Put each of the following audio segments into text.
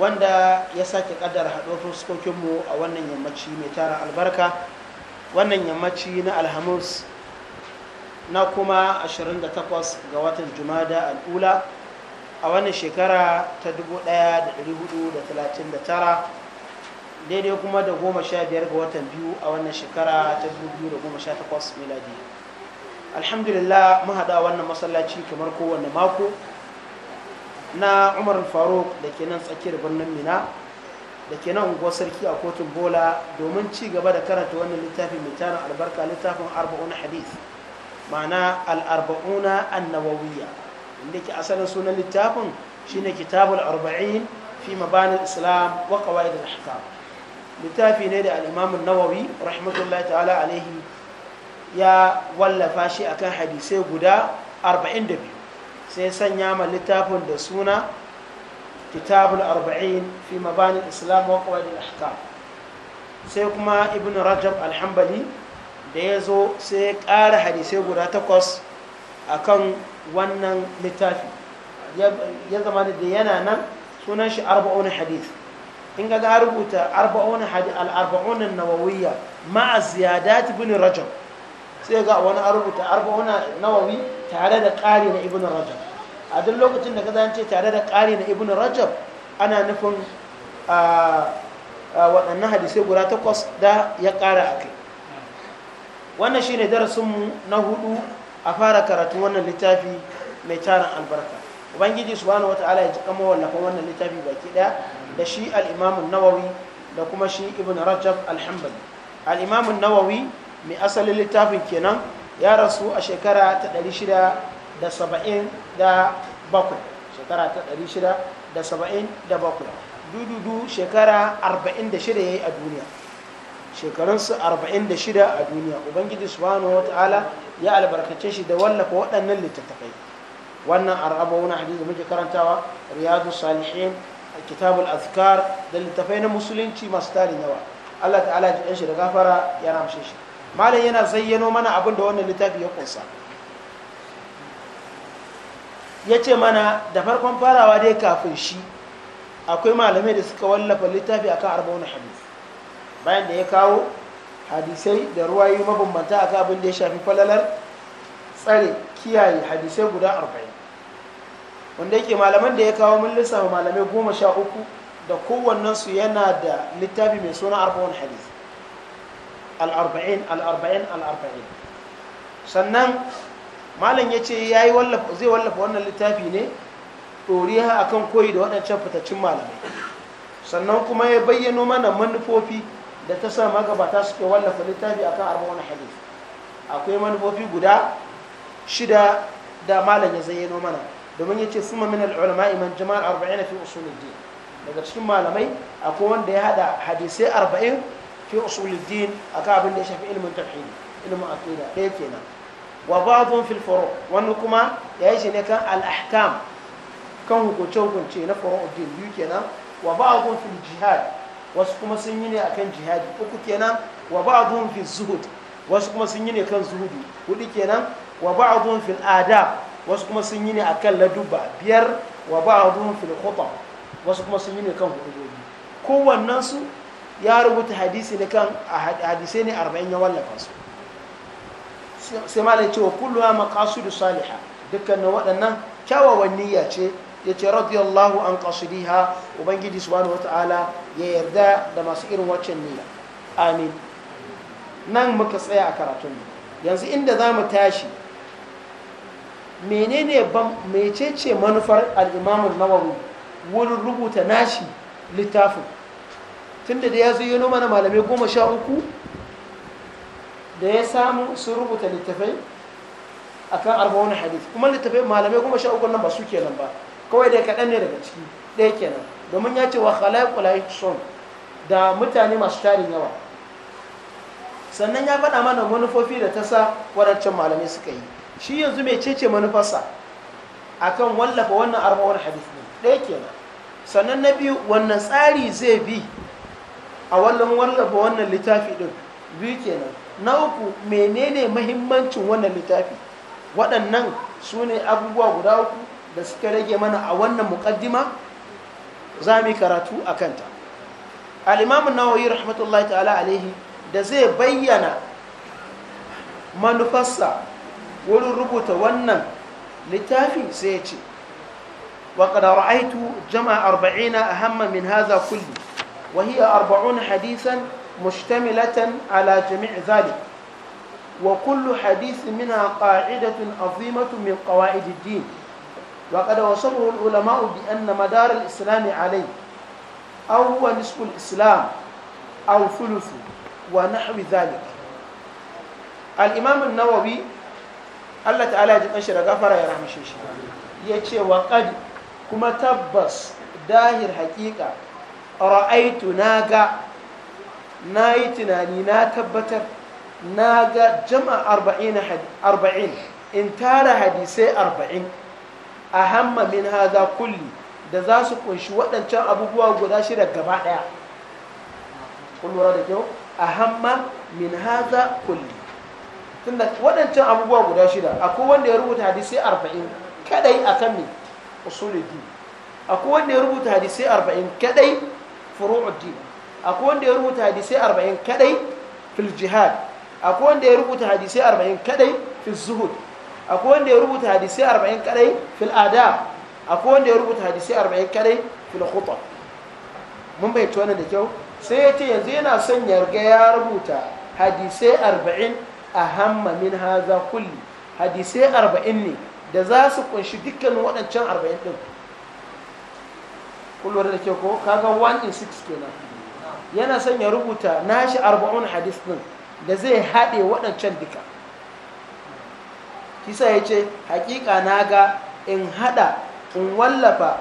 wanda ya sake kaddara haɗo fuskokinmu a wannan yammaci mai tara albarka wannan yammaci na alhamis na kuma 28 ga watan jumada al'ula a wannan shekara ta 1439 daidai kuma da 15 ga watan biyu a wannan shekara ta 2018 miladi alhamdulillah mun haɗa wannan masallaci kamar kowane mako na umar faruk da ke nan tsakiyar birnin mina da ke nan unguwar sarki a kotun bola domin ci gaba da karanta wannan littafi mai albarka littafin arba'una hadith ma'ana al'arba'una annawawiyya inda ke asalin sunan littafin shine kitabul arba'in fi mabanin islam wa qawaid al-ahkam littafi ne da al-imam an-nawawi rahmatullahi ta'ala alaihi ya wallafa shi akan hadisai guda arba'in da biyu. sai sanya ma littafin da suna kitabul arba'in fi mabanin islam wa qawaidil ahkam sai kuma ibn rajab alhambali da ya zo sai ƙara hadisai guda takwas akan wannan littafi ya zama da yana nan sunan shi arba'un hadis in ga rubuta arba'un al arba'un nawawiyya ma'a ziyadat ibn rajab sai ga wani arubuta rubuta arba'una nawawi tare da ƙari na ibn rajab a duk lokacin da ka zance tare da ƙari na ibn rajab ana nufin waɗannan hadisai guda takwas da ya ƙara a kai wannan shine darasinmu na hudu a fara karatu wannan littafi mai tarin albarka ubangiji su wata ala ya ji kama wallafa wannan littafi baki ɗaya da shi al'imamun nawawi da kuma shi ibn rajab al-hanbali nawawi mai asalin littafin kenan ya rasu a shekara ta 677 shekara ta 677 dududu shekara 46 ya yi a duniya shekarunsu 46 a duniya ubangiji subhanahu wa ta'ala ya albarkace shi da wallafa waɗannan littattafai wannan araba wani hadisi muke karantawa riyadu salihin kitabul azkar da littafai na musulunci masu tarin yawa allah ta'ala ya shi da gafara ya ramshe shi malam yana zayyano mana abin da wannan littafi ya kunsa ya ce mana da farkon farawa dai kafin shi akwai malamai da suka wallafa littafi akan wani hadis bayan da ya kawo hadisai da ruwayi mabambanta a abin da ya shafi falalar tsare kiyaye hadisai guda arba'in wanda yake malaman da ya kawo mun lissafa malamai goma sha uku da kowannensu yana da littafi mai suna wani hadis al'arba'in al'arba'in al'arba'in sannan malam ya ce ya yi zai wallafa wannan littafi ne ɗoriya a kan koyi da waɗancan fitaccen malamai sannan kuma ya bayyano mana manufofi da ta sa magabata suke wallafa littafi akan arba'un hadith akwai manufofi guda shida da malam ya zayyano mana domin ya ce suma min al'ulama iman jama'ar arba'in fi usulun daga cikin malamai akwai wanda ya hada hadisai arba'in fi usuluddin akan abin da ya shafi ilimin tauhidi ilimin aqida ɗaya kenan wa ba'dhum fil furu' wani kuma yayi shi ne kan al hukunci kan hukunce hukunce na furu'uddin biyu kenan wa ba'dhum fil jihad wasu kuma sun yi ne akan jihadi uku kenan wa ba'dhum fil zuhud wasu kuma sun yi ne kan zuhudi hudu kenan wa ba'dhum fil adab wasu kuma sun yi ne biyar wa ba'dhum fil khutab wasu kuma sun yi ne kan ya rubuta hadisi ne kan hadisai ne arba'in ya wallafa su sai malai cewa kulluwa da saliha dukkanin waɗannan kyawawan niyya ce ya ce radiyallahu an ha ubangiji wani wata'ala ya yarda da masu irin waccan niyya amin nan muka tsaya a karatun yanzu inda za mu tashi menene mecece manufar al'imamun nawawi wurin rubuta nashi littafin tunda da ya zayyano mana malamai goma sha uku da ya samu sun rubuta littafai a kan arba'un hadith kuma littafai malamai goma sha uku nan ba su kenan ba kawai dai kaɗan ne daga ciki ɗaya kenan domin ya ce wa son da mutane masu tarin yawa sannan ya faɗa mana manufofi da ta sa waɗancan malamai suka yi shi yanzu mai cece manufarsa akan wallafa wannan arba'un hadith ne ɗaya kenan sannan na biyu wannan tsari zai bi a wallan wallafa wannan littafi din biyu kenan na uku menene mahimmancin wannan littafi waɗannan su ne abubuwa guda uku da suka rage mana a wannan muƙaddima za mu yi karatu a kanta al'imamun nawayi rahmatullahi ta'ala alaihi da zai bayyana manufarsa wurin rubuta wannan littafi sai ya ce wa jama'a arba'ina a hamma min haza kulli وهي أربعون حديثا مشتملة على جميع ذلك وكل حديث منها قاعدة عظيمة من قواعد الدين وقد وصفه العلماء بأن مدار الإسلام عليه أو هو نصف الإسلام أو ثلثه ونحو ذلك الإمام النووي الله تعالى يتنشر غفر يا رحمة شيشي يتشي وقد كما تبس داهر حقيقة ra'aitu na ga na yi tunani na tabbatar na ga jama arba'in in tara hadisai arba'in a hamma min haza kulli da za su kunshi waɗancan abubuwa guda shida gaba ɗaya kullura da kyau a hamma min haza kulli tunda waɗancan abubuwa guda shida akwai wanda ya rubuta hadisai arba'in kadai akan ne usulul din akwai wanda ya rubuta hadisai arba'in kadai furu'uddin akwai wanda ya rubuta hadisai arba'in kadai fil jihad akwai wanda ya rubuta hadisai arba'in kadai fil zuhud akwai wanda ya rubuta hadisai arba'in kadai fil adab akwai wanda ya rubuta hadisai arba'in kadai fil khutab mun bai wannan da kyau sai ya ce yanzu yana son yarga ya rubuta hadisai arba'in a hamma min haza kulli hadisai arba'in ne da za su kunshi dukkan waɗancan arba'in ɗin kullum da ke ko kaga 1 in 6 kenan yana son ya rubuta nashi arba'un hadis din da zai haɗe waɗancan duka kisa ya ce hakika na ga in haɗa in wallafa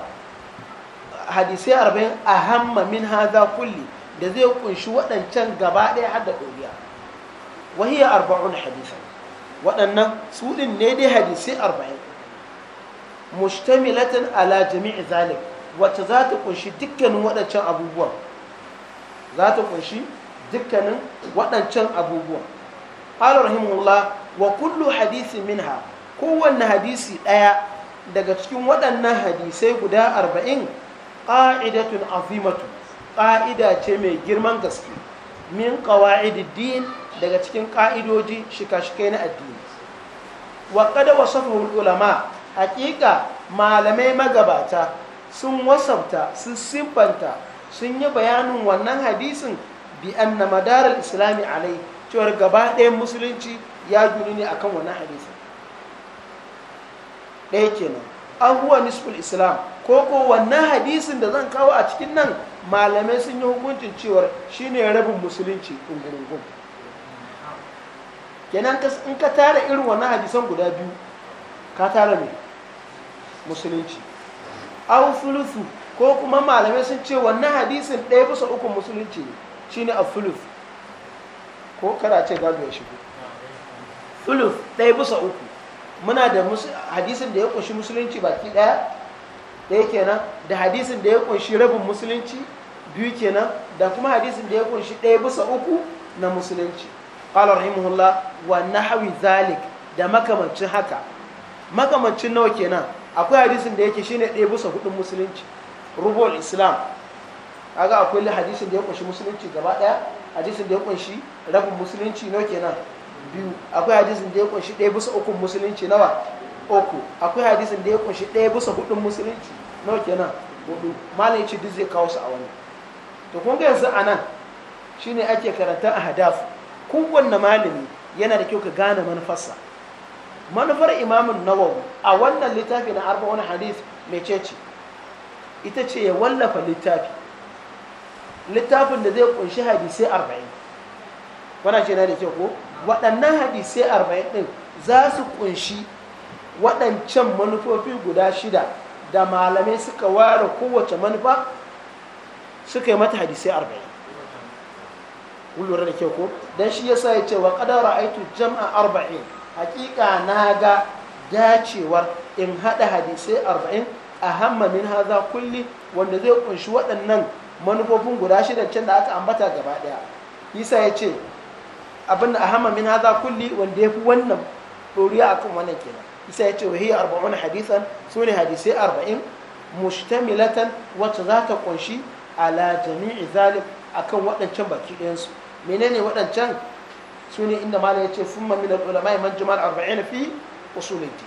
hadisai arba'in a hamma min haza kulli da zai kunshi waɗancan gaba ɗaya har da ɗoriya wahiyar arba'un hadisai waɗannan su ne dai hadisai arba'in mustamilatin ala jami'i zalik wacce za ta kunshi dukkanin waɗancan abubuwan za ta kunshi dukkanin waɗancan abubuwan ƙalar wa kullu hadisi minha kowanne hadisi ɗaya daga cikin waɗannan hadisai guda arba'in ƙa'idatun azimatu ƙa'ida ce mai girman gaske min ƙawa'idin din daga cikin ƙa'idoji shika-shikai na addini wa ƙada wasu ulama haƙiƙa malamai magabata sun wasafta sun siffanta sun yi bayanin wannan hadisin bi anna madaral islami alai cewar gaba ɗayan musulunci ya gudu ne akan wannan hadisin ɗaya kenan an huwa nisful islam ko ko wannan hadisin da zan kawo a cikin nan malamai sun yi hukuncin cewar shine rabin musulunci ungungun kenan in ka tara irin wannan hadisan guda biyu ka tara mai musulunci aw ko kuma malamai sun ce wannan hadisin ɗaya bisa uku musulunci ne shine a fuluf ko kada ce gado ya shigo fuluf ɗaya bisa uku muna da hadisin da ya kunshi musulunci baki ɗaya ya kenan da hadisin da ya kunshi rabin musulunci biyu kenan da kuma hadisin da ya kunshi ɗaya bisa uku na musulunci qala rahimahullah wa hawi zalik da makamancin haka makamancin nawa kenan akwai hadisin da yake shine ɗaya bisa hudun musulunci rubul islam kaga akwai hadisin da ya kunshi musulunci gaba ɗaya hadisin da ya kunshi rabin musulunci nawa kenan biyu akwai hadisin da ya kunshi ɗaya bisa ukun musulunci nawa uku akwai hadisin da ya kunshi ɗaya bisa hudun musulunci nawa kenan hudu malam yace duk zai kawo su a wani to kun ga yanzu anan shine ake karanta ahdaf kowanne malami yana da kyau ka gane manufarsa manufar imamun nawawi a wannan littafi na arba'un hadis ceci ita ce ya wallafa littafi littafin da zai kunshi hadisai arba'in wana ce na da ke ko waɗannan hadisai arba'in ɗin za su kunshi waɗancan manufofi guda shida da malamai suka ware kowace manufa suka yi mata hadisai arba'in kun da ke ko don shi yasa ya ce wa ƙadara aitu jama'a arba'in hakika na ga dacewar in haɗa hadisai arba'in a hamma min haza kulli wanda zai kunshi waɗannan manufofin guda shida can da aka ambata gaba ɗaya isa ya ce abinda a hamma min haza kulli wanda ya fi wannan ɗoriya a kan wannan kenan isa ya ce wa hiya arba'un hadisan su ne hadisai arba'in mushtamilatan wacce za ta kunshi ala jami'i zalim akan waɗancan baki ɗayansu menene waɗancan su inda malam ya ce sun ma minar ulama man jimal arba'in fi usuliti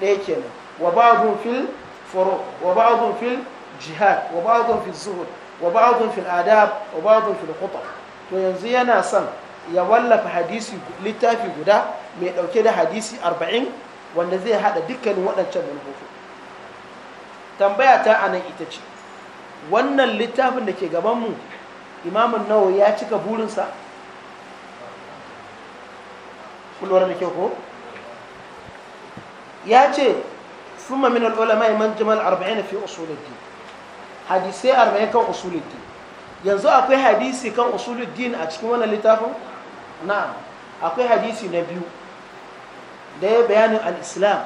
ɗaya kenan wa ba'adun fil furu wa ba'adun fil jihad wa ba'adun fil zuhud wa ba'adun fil adab wa ba'adun fil khutab to yanzu yana son ya wallafa hadisi littafi guda mai ɗauke da hadisi arba'in wanda zai haɗa dukkanin waɗancan manufofi tambaya ta a nan ita ce wannan littafin da ke gaban mu, imamun nawa ya cika burinsa kullum da kyau ko ya ce summa min al-ulama man jamal 40 fi usul din hadisi 40 kan yanzu akwai hadisi kan usul a cikin wannan littafin na'am akwai hadisi na biyu da ya bayanin al-islam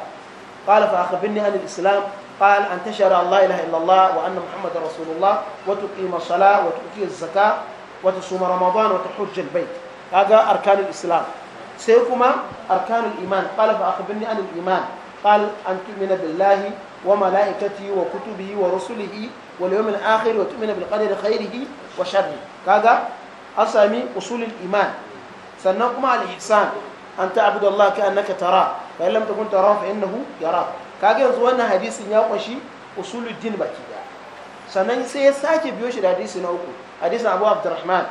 qala fa akhbirni an al-islam قال أن تشهد أن لا إله إلا الله وأن محمد رسول الله وتقيم الصلاة وتؤتي الزكاة وتصوم رمضان وتحج البيت هذا أركان الإسلام sai kuma arkanul iman qala fa akhbirni anil iman qal an tu'mina billahi wa malaikatihi wa kutubihi wa rusulihi wal yawmil akhir wa tu'mina bil qadari khairihi wa sharrihi kaga asami usulul iman sannan kuma al ihsan an ta'budu Allah ka annaka tara fa in takun tara fa innahu yara kaga yanzu wannan hadisin ya kunshi usulul din baki daya sannan sai ya sake biyo shi da hadisi na uku hadisin Abu Abdurrahman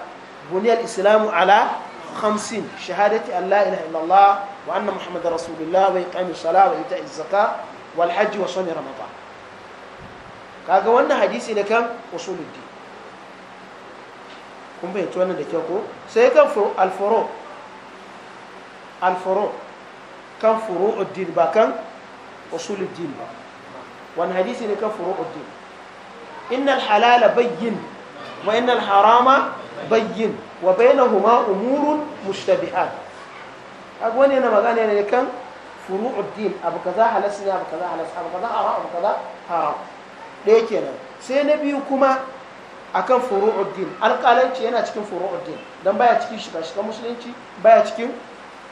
buniyal islamu ala خمسين شهادة أن لا إله إلا الله وأن محمد رسول الله الصلاة الزكاة والحج وصوم رمضان kaga wannan hadisi na kun fahimci da kyau ko sai kan alfuro alfuro kan furu'uddin ba kan usuluddin ba wani hadisi ne kan furu'uddin innal halala bayyin wa innal harama bayyin wa bainahuma umurun mushtabihat kaga wani yana magana ne kan furu'ud din abu kaza halas ne abu kaza halas abu kaza haram abu kaza haram ɗaya kenan sai na biyu kuma akan furu'ud din alƙalanci yana cikin furu'ud din dan baya cikin shika shika musulunci baya cikin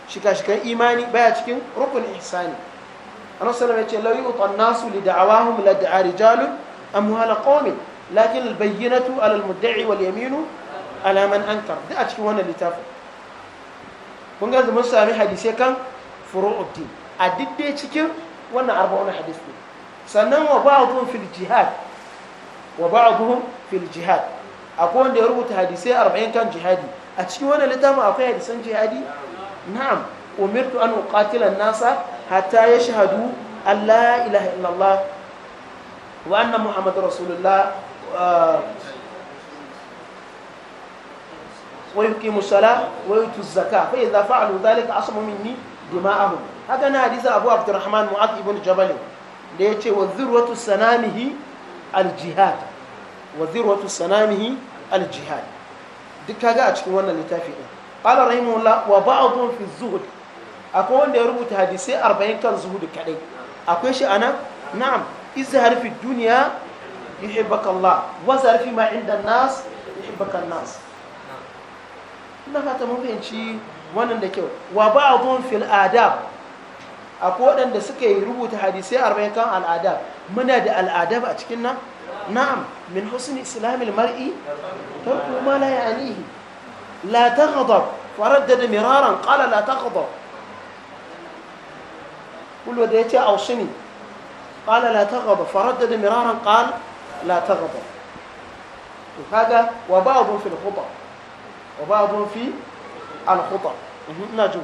shika shika imani baya cikin rukun ihsani annabi sallallahu alaihi wasallam ya ce la yu'tan nasu li da'awahum la da'a rijalun am hala qawmin lakin al bayyinatu ala al mudda'i wal yaminu alaman ankar duk a cikin wannan littafin kun ga mun sami hadisai kan furu'uddin a diddai cikin wannan arba'un hadis ne sannan wa ba'dhum fil jihad wa ba'dhum fil jihad akwai wanda ya rubuta hadisai arba'in kan jihadi a cikin wannan littafin akwai hadisan jihadi na'am umirtu an uqatila an-nasa hatta yashhadu an la ilaha illallah wa anna muhammadar rasulullah uh, ويقيم الصلاة ويؤتوا الزكاة فإذا فعلوا ذلك عصموا مني دماءهم هذا حديث أبو عبد الرحمن معاذ بن جبل ليتي وذروة سنامه الجهاد وذروة سنامه الجهاد دكا جاء cikin wannan littafi din qala rahimahullah wa ba'dhum fi zuhud akwai wanda ya rubuta hadisai arba'in kan zuhud kadai akwai shi ana na'am izhar fi dunya yuhibbaka Allah wa zarfi ma inda nas na nas ina fata mun fahimci wannan da kyau wa ba'dhum fil adab akwai waɗanda suka yi rubuta hadisai arba'in kan al'adab muna da al'adab a cikin nan na'am min husni islamil mar'i tarku ma la ya'nihi la taghdab faraddada miraran qala la taghdab kullu da yace aushini. qala la taghdab faraddada miraran qala la taghdab to kaga wa ba'dhum fil khutbah wa ba'dhum fi al-khuta mhm, ina jin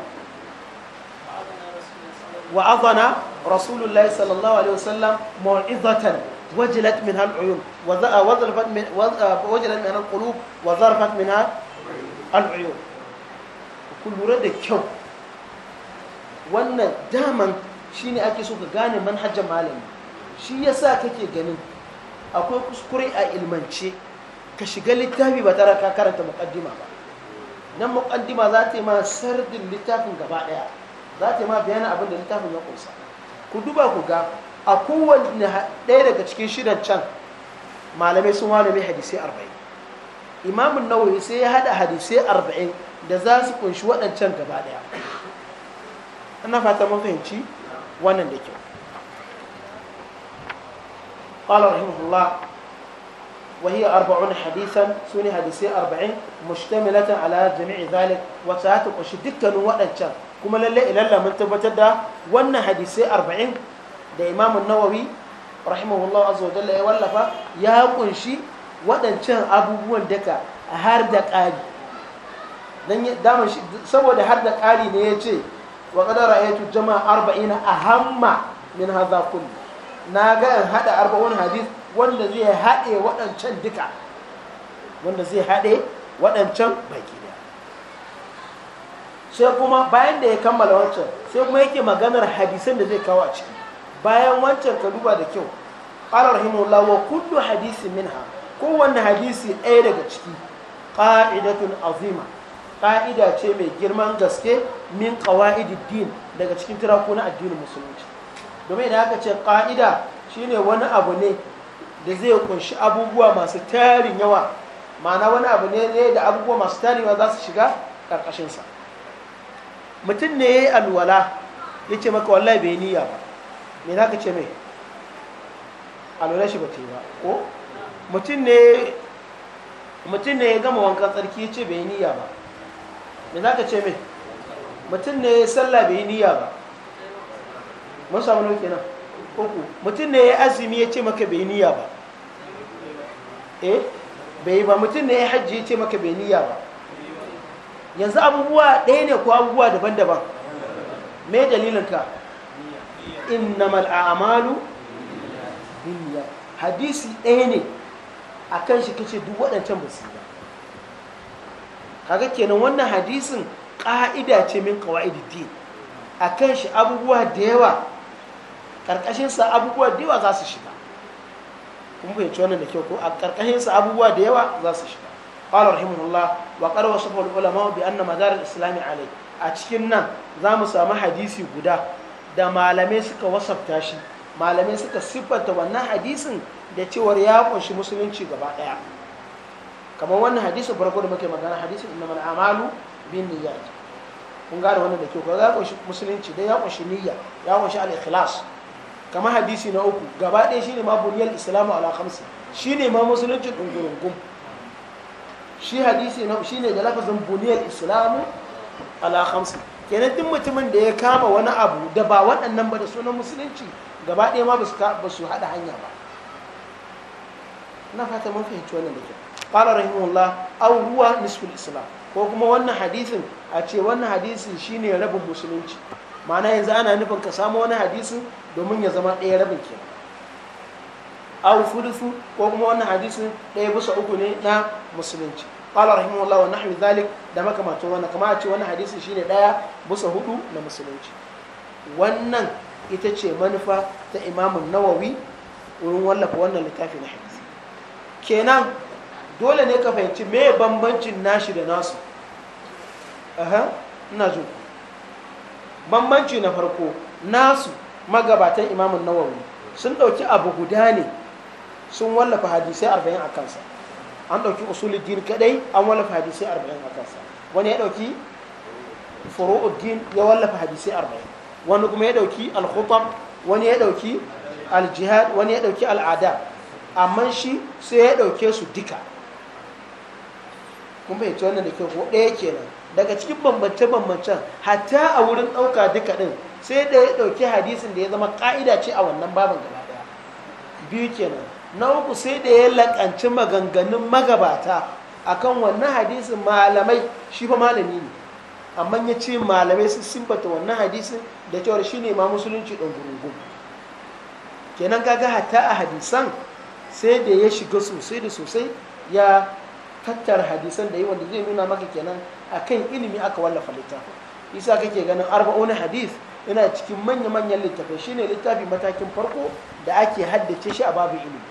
wa adana rasulullahi sallallahu alaihi wasallam mau'izatan wajilat minha al-uyun wa zarfat min wajilat minha al-qulub wa zarfat minha da kyau wannan daman shine ake so ka gane manhajar malami shi yasa kake ganin akwai kuskure a ilmance ka shiga littafi ba tare ka karanta muqaddima ba nan muqaddima za ta yi ma sardin littafin gaba daya za ta yi ma bayanin abin da littafin ya kunsa ku duba ku ga a kowanne ɗaya daga cikin shidan can malamai sun malami hadisai arba'in imamun nawawi sai ya haɗa hadisai arba'in da za su kunshi waɗancan gaba ɗaya ana fata mun fahimci wannan da kyau قال رحمه الله وهي أربعون حديثا سوني حديثي أربعين مشتملة على جميع ذلك وساعتك وشدك وأنشان كما لله إلا الله من تبتدى وأن حديثي أربعين ده إمام النووي رحمه الله عز وجل يولف يا قنشي وأنشان أبو دكا هاردك آلي dan daman shi saboda har da ƙari ne ya ce wa ƙadara ya tu jama'a arba'ina ahamma min haza kullu na ga in haɗa arba'un hadith wanda zai haɗe waɗancan duka wanda zai haɗe waɗancan baki da. sai kuma bayan da ya kammala wancan sai kuma yake maganar hadisan da zai kawo a ciki bayan wancan ka duba da kyau qala rahimahullah wa kullu hadisi minha kowanne hadisi ɗaya daga ciki ƙa'idatun azima ƙa'ida ce mai girman gaske min ƙawa'idin din daga cikin tirako na addinin musulunci domin idan aka ce ƙa'ida shine wani abu ne da zai kunshi abubuwa masu tarin yawa mana wani abu ne da abubuwa masu tarin yawa za su shiga ƙarƙashinsa mutum ne ya yi alwala ya ce maka wallahi bai niyya ba me za ka ce mai alwala shi ba ta yi ba ko mutum ne ya gama wankan tsarki ya ce bai niyya ba me za ka ce mai mutum ne ya sallah bai niyya ba mun samu nauki nan mutum ne ya azumi ya ce maka bai niyya ba eh bai ba mutum ne ya hajji ya ce maka bai niyya ba yanzu abubuwa ɗaya ne ko abubuwa daban-daban me dalilinka inna mal'amalu binniyat hadisi ɗaya ne a kan shi kace duk waɗancan basu ba kaga kenan wannan hadisin ƙa'ida ce min kawai a kan shi abubuwa da yawa ƙarƙashinsa abubuwa da yawa za su shiga kun fahimci wannan da kyau ko a karkashin sa abubuwa da yawa za su shiga qala rahimahullah wa qala wasafa ulama bi anna madar al-islam alai a cikin nan za mu samu hadisi guda da malamai suka wasafta shi malamai suka siffanta wannan hadisin da cewar ya kunshi musulunci gaba daya kamar wannan hadisin farko da muke magana hadisin inna mal amalu bin niyyat kun gane wannan da kyau ko ya kunshi musulunci da ya kunshi niyya ya kunshi al-ikhlas kamar hadisi na uku gaba ɗaya shine ma buniyar islamu ala khamsi shine ma musuluncin ɗungurungun shi hadisi na shine da lafazin buniyar islamu ala khamsi kenan duk mutumin da ya kama wani abu da ba waɗannan ba da sunan musulunci gaba ɗaya ma ba su haɗa hanya ba na fata mun fahimci wannan da ke qala rahimahullah aw huwa nisful islam ko kuma wannan hadisin a ce wannan hadisin shine rabin musulunci ma'ana yanzu ana nufin ka samu wani hadisu domin ya zama ɗaya rabin ke aw fudusu ko kuma wani hadisu ɗaya bisa uku ne na musulunci rahimu Allah wa nahwi zalik da makamanto wani kama a ce hadisu shi shine ɗaya bisa hudu na musulunci wannan ita ce manufa ta imamun nawawi wurin wallafa wannan littafi na hadisi kenan dole ne ka fahimci me bambancin nashi da nasu aha ina jin bambanci na farko nasu magabatan imamun nawawi sun ɗauki abu guda ne sun wallafa hadisai arba'in a kansa an ɗauki din kadai an wallafa hadisai arba'in a kansa wani ya ɗauki din ya wallafa hadisai arba'in wani kuma ya ɗauki al-khutab wani ya ɗauki al-jihad wani ya ɗauki al'ada amma shi sai ya ɗauke su duka kuma ya fahimci wannan da ke ko ɗaya kenan daga cikin bambance-bambancen hatta a wurin ɗauka duka ɗin sai da ya ɗauki hadisin da ya zama ƙa'ida ce a wannan babin gaba ɗaya biyu kenan na uku sai da ya laƙanci maganganun magabata akan wannan hadisin malamai shi fa malami ne amma ya ce malamai sun simbata wannan hadisin da cewar shi ne ma musulunci ɗan gurugu kenan kaga hatta a hadisan sai da ya shiga sosai da sosai ya tattara hadisan da yi wanda zai nuna maka kenan akan ilimi aka wallafa littafin isa kake ganin arba'una hadith yana cikin manya-manyan littafai shine littafi matakin farko da ake haddace shi a babu ilimi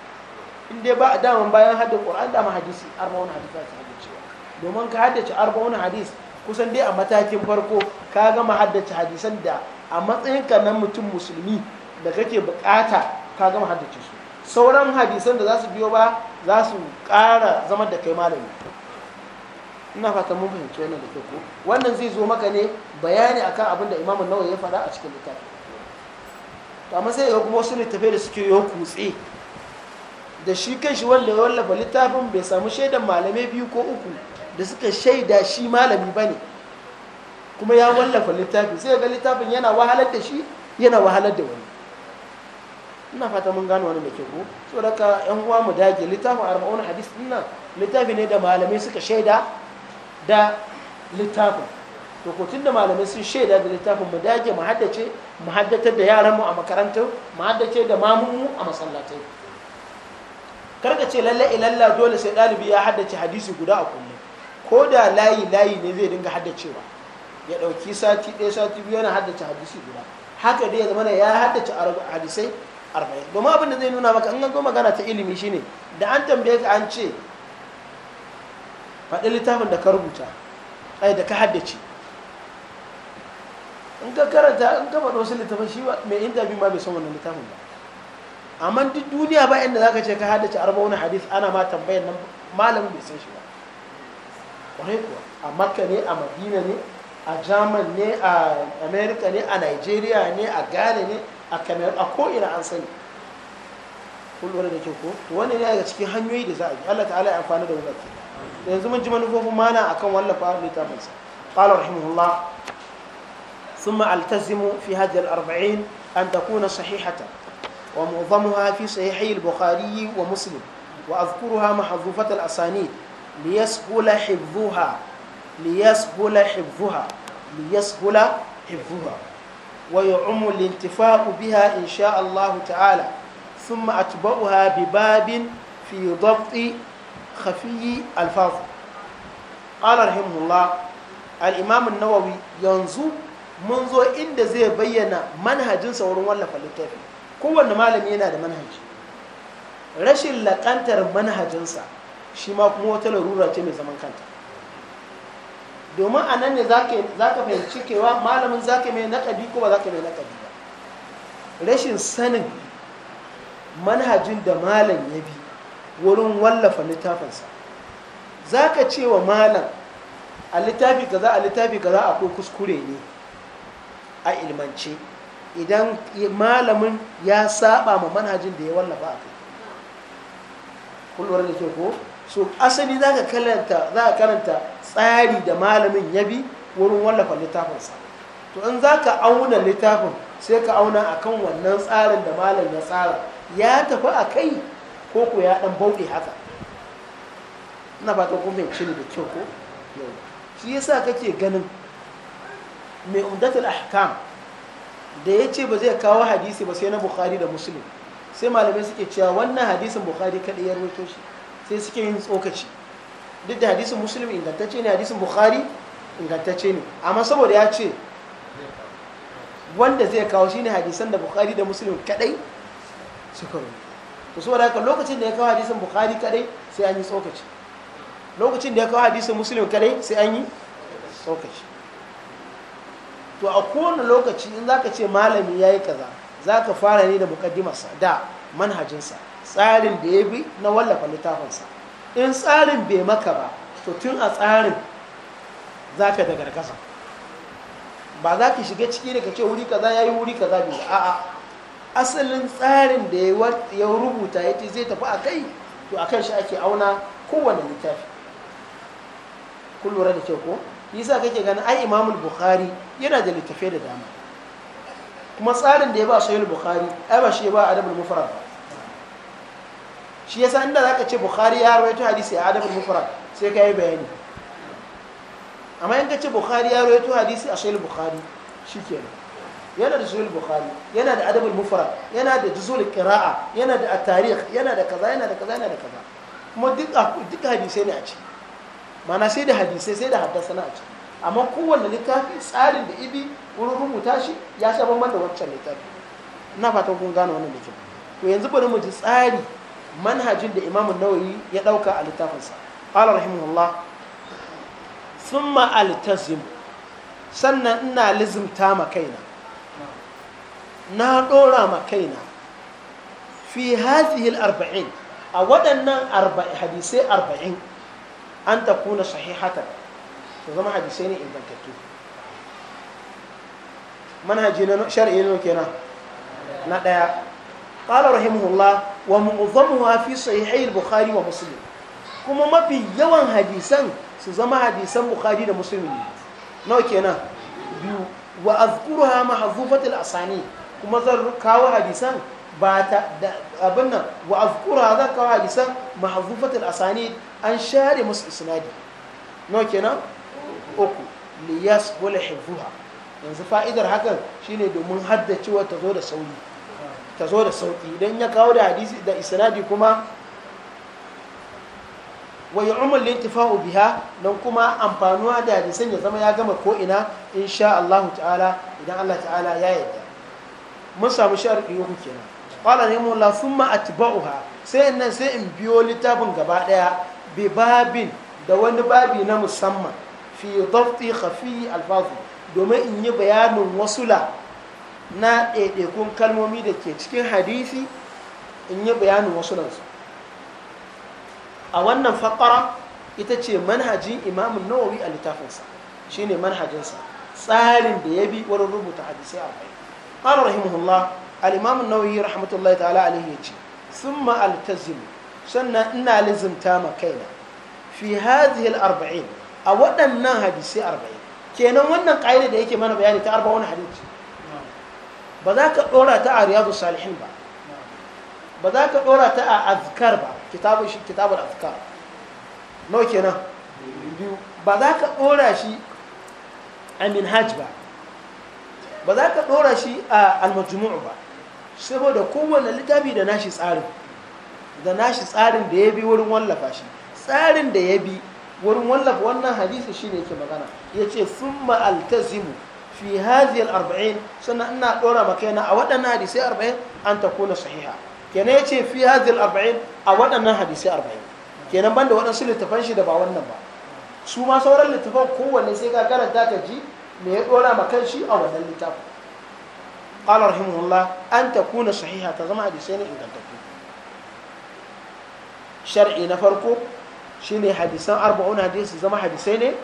in dai ba daman bayan haddin ƙoran dama hadisi arba'una hadith ake haddacewa domin ka haddace arba'una hadith kusan dai a matakin farko ka gama haddace hadisan da a matsayin ka na mutum musulmi da kake bukata ka gama haddace su sauran hadisan da za su biyo ba za su ƙara zama da kai malami ina fata mun fahimci wannan da ke ko wannan zai zo maka ne bayani akan abin da imamu nawa ya faɗa a cikin littafi to amma sai ga kuma wasu littafai da suke yau kutse da shi kan shi wanda ya wallafa littafin bai samu shaidan malamai biyu ko uku da suka shaida shi malami bane kuma ya wallafa littafi sai ga littafin yana wahalar da shi yana wahalar da wani ina fata mun gano wani da ke ko saboda ka yan uwa mu dage littafin arba'un hadis dinnan littafi ne da malamai suka shaida da littafin to ko tunda malamai sun shaida da littafin mu dage mu haddace mu haddatar da yaran mu a makarantar mu haddace da mamun mu a masallatai karka ce lalla ilalla dole sai dalibi ya haddace hadisi guda a kullum ko da layi layi ne zai dinga haddacewa ya dauki sati ɗaya sati biyu yana haddace hadisi guda haka dai ya zama ya haddace hadisai arba'in domin abin da zai nuna maka in an ga magana ta ilimi shine da an tambaye ka an ce faɗi littafin da ka rubuta ai da ka haddace in ka karanta in ka faɗi wasu littafin shi mai interview ma bai son wannan littafin ba amma duk duniya ba inda zaka ce ka haddace wani hadith ana ma tambayar nan malam bai san shi ba ƙwarai kuwa a makka ne a madina ne a german ne a america ne a nigeria ne a ghana ne a cameroon a ko'ina an sani kullum da ke ko wani ne daga cikin hanyoyi da za a yi allah ta'ala ya amfani da ke. yanzu mun manufofin mana akan wallafa littafin sa rahimahullah thumma altazimu fi hadhihi al-arba'in an takuna sahihatan wa mu'dhamuha fi sahihi al-bukhari wa muslim wa adhkuruha mahdhufat al-asanid li yasghula hifdhuha li yasghula hifdhuha li yasghula hifdhuha wa yu'mu al-intifa'u biha insha allahu ta'ala thumma atba'uha bi babin fi dhabti khafiyi alfazu qala rahimahullah al-imam an-nawawi yanzu mun zo inda zai bayyana manhajinsa wurin wallafa littafi kowanne malami yana da manhaji rashin laƙantar manhajinsa shi ma kuma wata larura ce mai zaman kanta domin a nan ne za ka fahimci kewa malamin za ka mai naƙadi ko ba za ka mai naƙadi ba rashin sanin manhajin da malam ya bi wurin wallafa littafinsa za ka ce wa malam a littafi kaza a littafi kaza akwai kuskure ne a ilmance idan malamin ya saba ma manhajin da ya wallafa a kai kulwar da ke ko so asali za ka karanta tsari da malamin ya bi wurin wallafa littafinsa to in za ka auna littafin sai ka auna akan wannan tsarin da malam ya tsara ya tafi a kai ko ko ya dan bauɗe haka ina ta ko mai ne da kyau ko shi yasa kake ganin mai umdatul ahkam da ya ce ba zai kawo hadisi ba sai na bukhari da muslim sai malamai suke cewa wannan hadisin bukhari kaɗai ya rawaito shi sai suke yin tsokaci duk da hadisin muslim ingantacce ne hadisin bukhari ingantacce ne amma saboda ya ce wanda zai kawo shi ne hadisan da bukhari da muslim kaɗai suka rubuta to saboda haka lokacin da ya kawo hadisin bukhari kadai sai an yi tsokaci lokacin da ya kawo hadisin muslim kadai sai an yi tsokaci to a kowane lokaci in zaka ce malami ya yi kaza zaka fara ne da mukaddimarsa da manhajinsa tsarin da ya bi na wallafa littafinsa in tsarin bai maka ba to tun a tsarin zaka da gargasa ba za ka shiga ciki da ka ce wuri kaza ya yi wuri kaza ba a'a asalin tsarin da ya rubuta ya ce zai tafi a kai to a kan shi ake auna kowane littafi kun lura da kyau ko yasa kake ganin ai imamul bukhari yana da littafi da dama kuma tsarin da ya ba sahih bukhari ai ba shi ya ba adabul mufrad ba shi yasa inda zaka ce bukhari ya rawaito hadisi a adabul mufrad sai ka yi bayani amma in ka ce bukhari ya rawaito hadisi a sahih bukhari shikenan yana da sahih bukhari yana da adabul mufrad yana da juzul qira'a yana da at-tarikh yana da kaza yana da kaza yana da kaza kuma duk duk hadisai ne a ciki mana sai da hadisai sai da haddasa na a ciki amma kowanne littafi tsarin da ibi wurin rubuta shi ya sha bamban da wancan littafi ina fatan kun gane wannan da kyau to yanzu bari mu ji tsari manhajin da imamu nawawi ya dauka a littafinsa qala rahimahullah thumma altazim sannan ina lizimta ma kaina na ɗora ma kaina fi hazihil arba'in a waɗannan hadisai arba'in an ta kuna sahihatan su zama hadisai ne ingantattu manhaji na shar'i ne kenan na ɗaya qala rahimahullah wa mu'azzamuha fi sahihai al-bukhari wa muslim kuma mafi yawan hadisan su zama hadisan bukhari da muslim ne nawa kenan biyu wa azkuruha mahzufatul asani kuma zan kawo hadisan ba ta abin nan wa afkura zan kawo hadisan mahzufatul asani an share musu isnadi no kenan uku liyas wala hifuha yanzu fa'idar hakan shine domin haddacewa ta zo da sauri ta zo da sauki idan ya kawo da hadisi da isnadi kuma wa yu'mal lintifa'u biha dan kuma amfanuwa da hadisan ya zama ya gama ko ina insha Allah ta'ala idan Allah ta'ala ya yarda mun samu sharadi uku kenan qala rahimahullah thumma atba'uha sai nan sai in biyo littafin gaba daya bi babin da wani babi na musamman fi dafti khafi alfazu domin in yi bayanin wasula na ɗaiɗaikun kalmomi da ke cikin hadisi in yi bayanin wasulansu a wannan fakara ita ce manhajin imamun nawawi a littafinsa shine manhajinsa tsarin da ya bi wurin rubuta hadisai a قال رحمه الله الإمام النووي رحمة الله تعالى عليه يجي ثم ألتزم سنة إنا لزم تام كينا في هذه الأربعين أولا ناها بسي أربعين كينا وانا قايلة دا يكي مانا بياني تأربع وانا حديث بذاك أورا تاع رياض الصالحين با بذاك أورا تاع أذكار با كتاب كتاب الأذكار نو كينا ba za ka ɗora shi a minhaj ba ba za ka ɗora shi a almajmu'u ba saboda kowane littafi da nashi tsarin da nashi tsarin da ya bi wurin wallafa shi tsarin da ya bi wurin wallafa wannan hadisi shi ne yake magana ya ce sun ma'altazimu fi haziyar arba'in suna ina ɗora makaina a waɗannan hadisai arba'in an ta kuna sahiha kenan ya ce fi haziyar arba'in a waɗannan hadisai arba'in kenan banda waɗansu littafan shi da ba wannan ba su ma sauran littafan kowanne sai ka karanta ka ji me ya dora ma kan shi a wannan littafin qala rahimahullah an takuna sahiha ta zama hadisai ne ingantattu shar'i na farko shine hadisan arba'un hadisi zama hadisai ne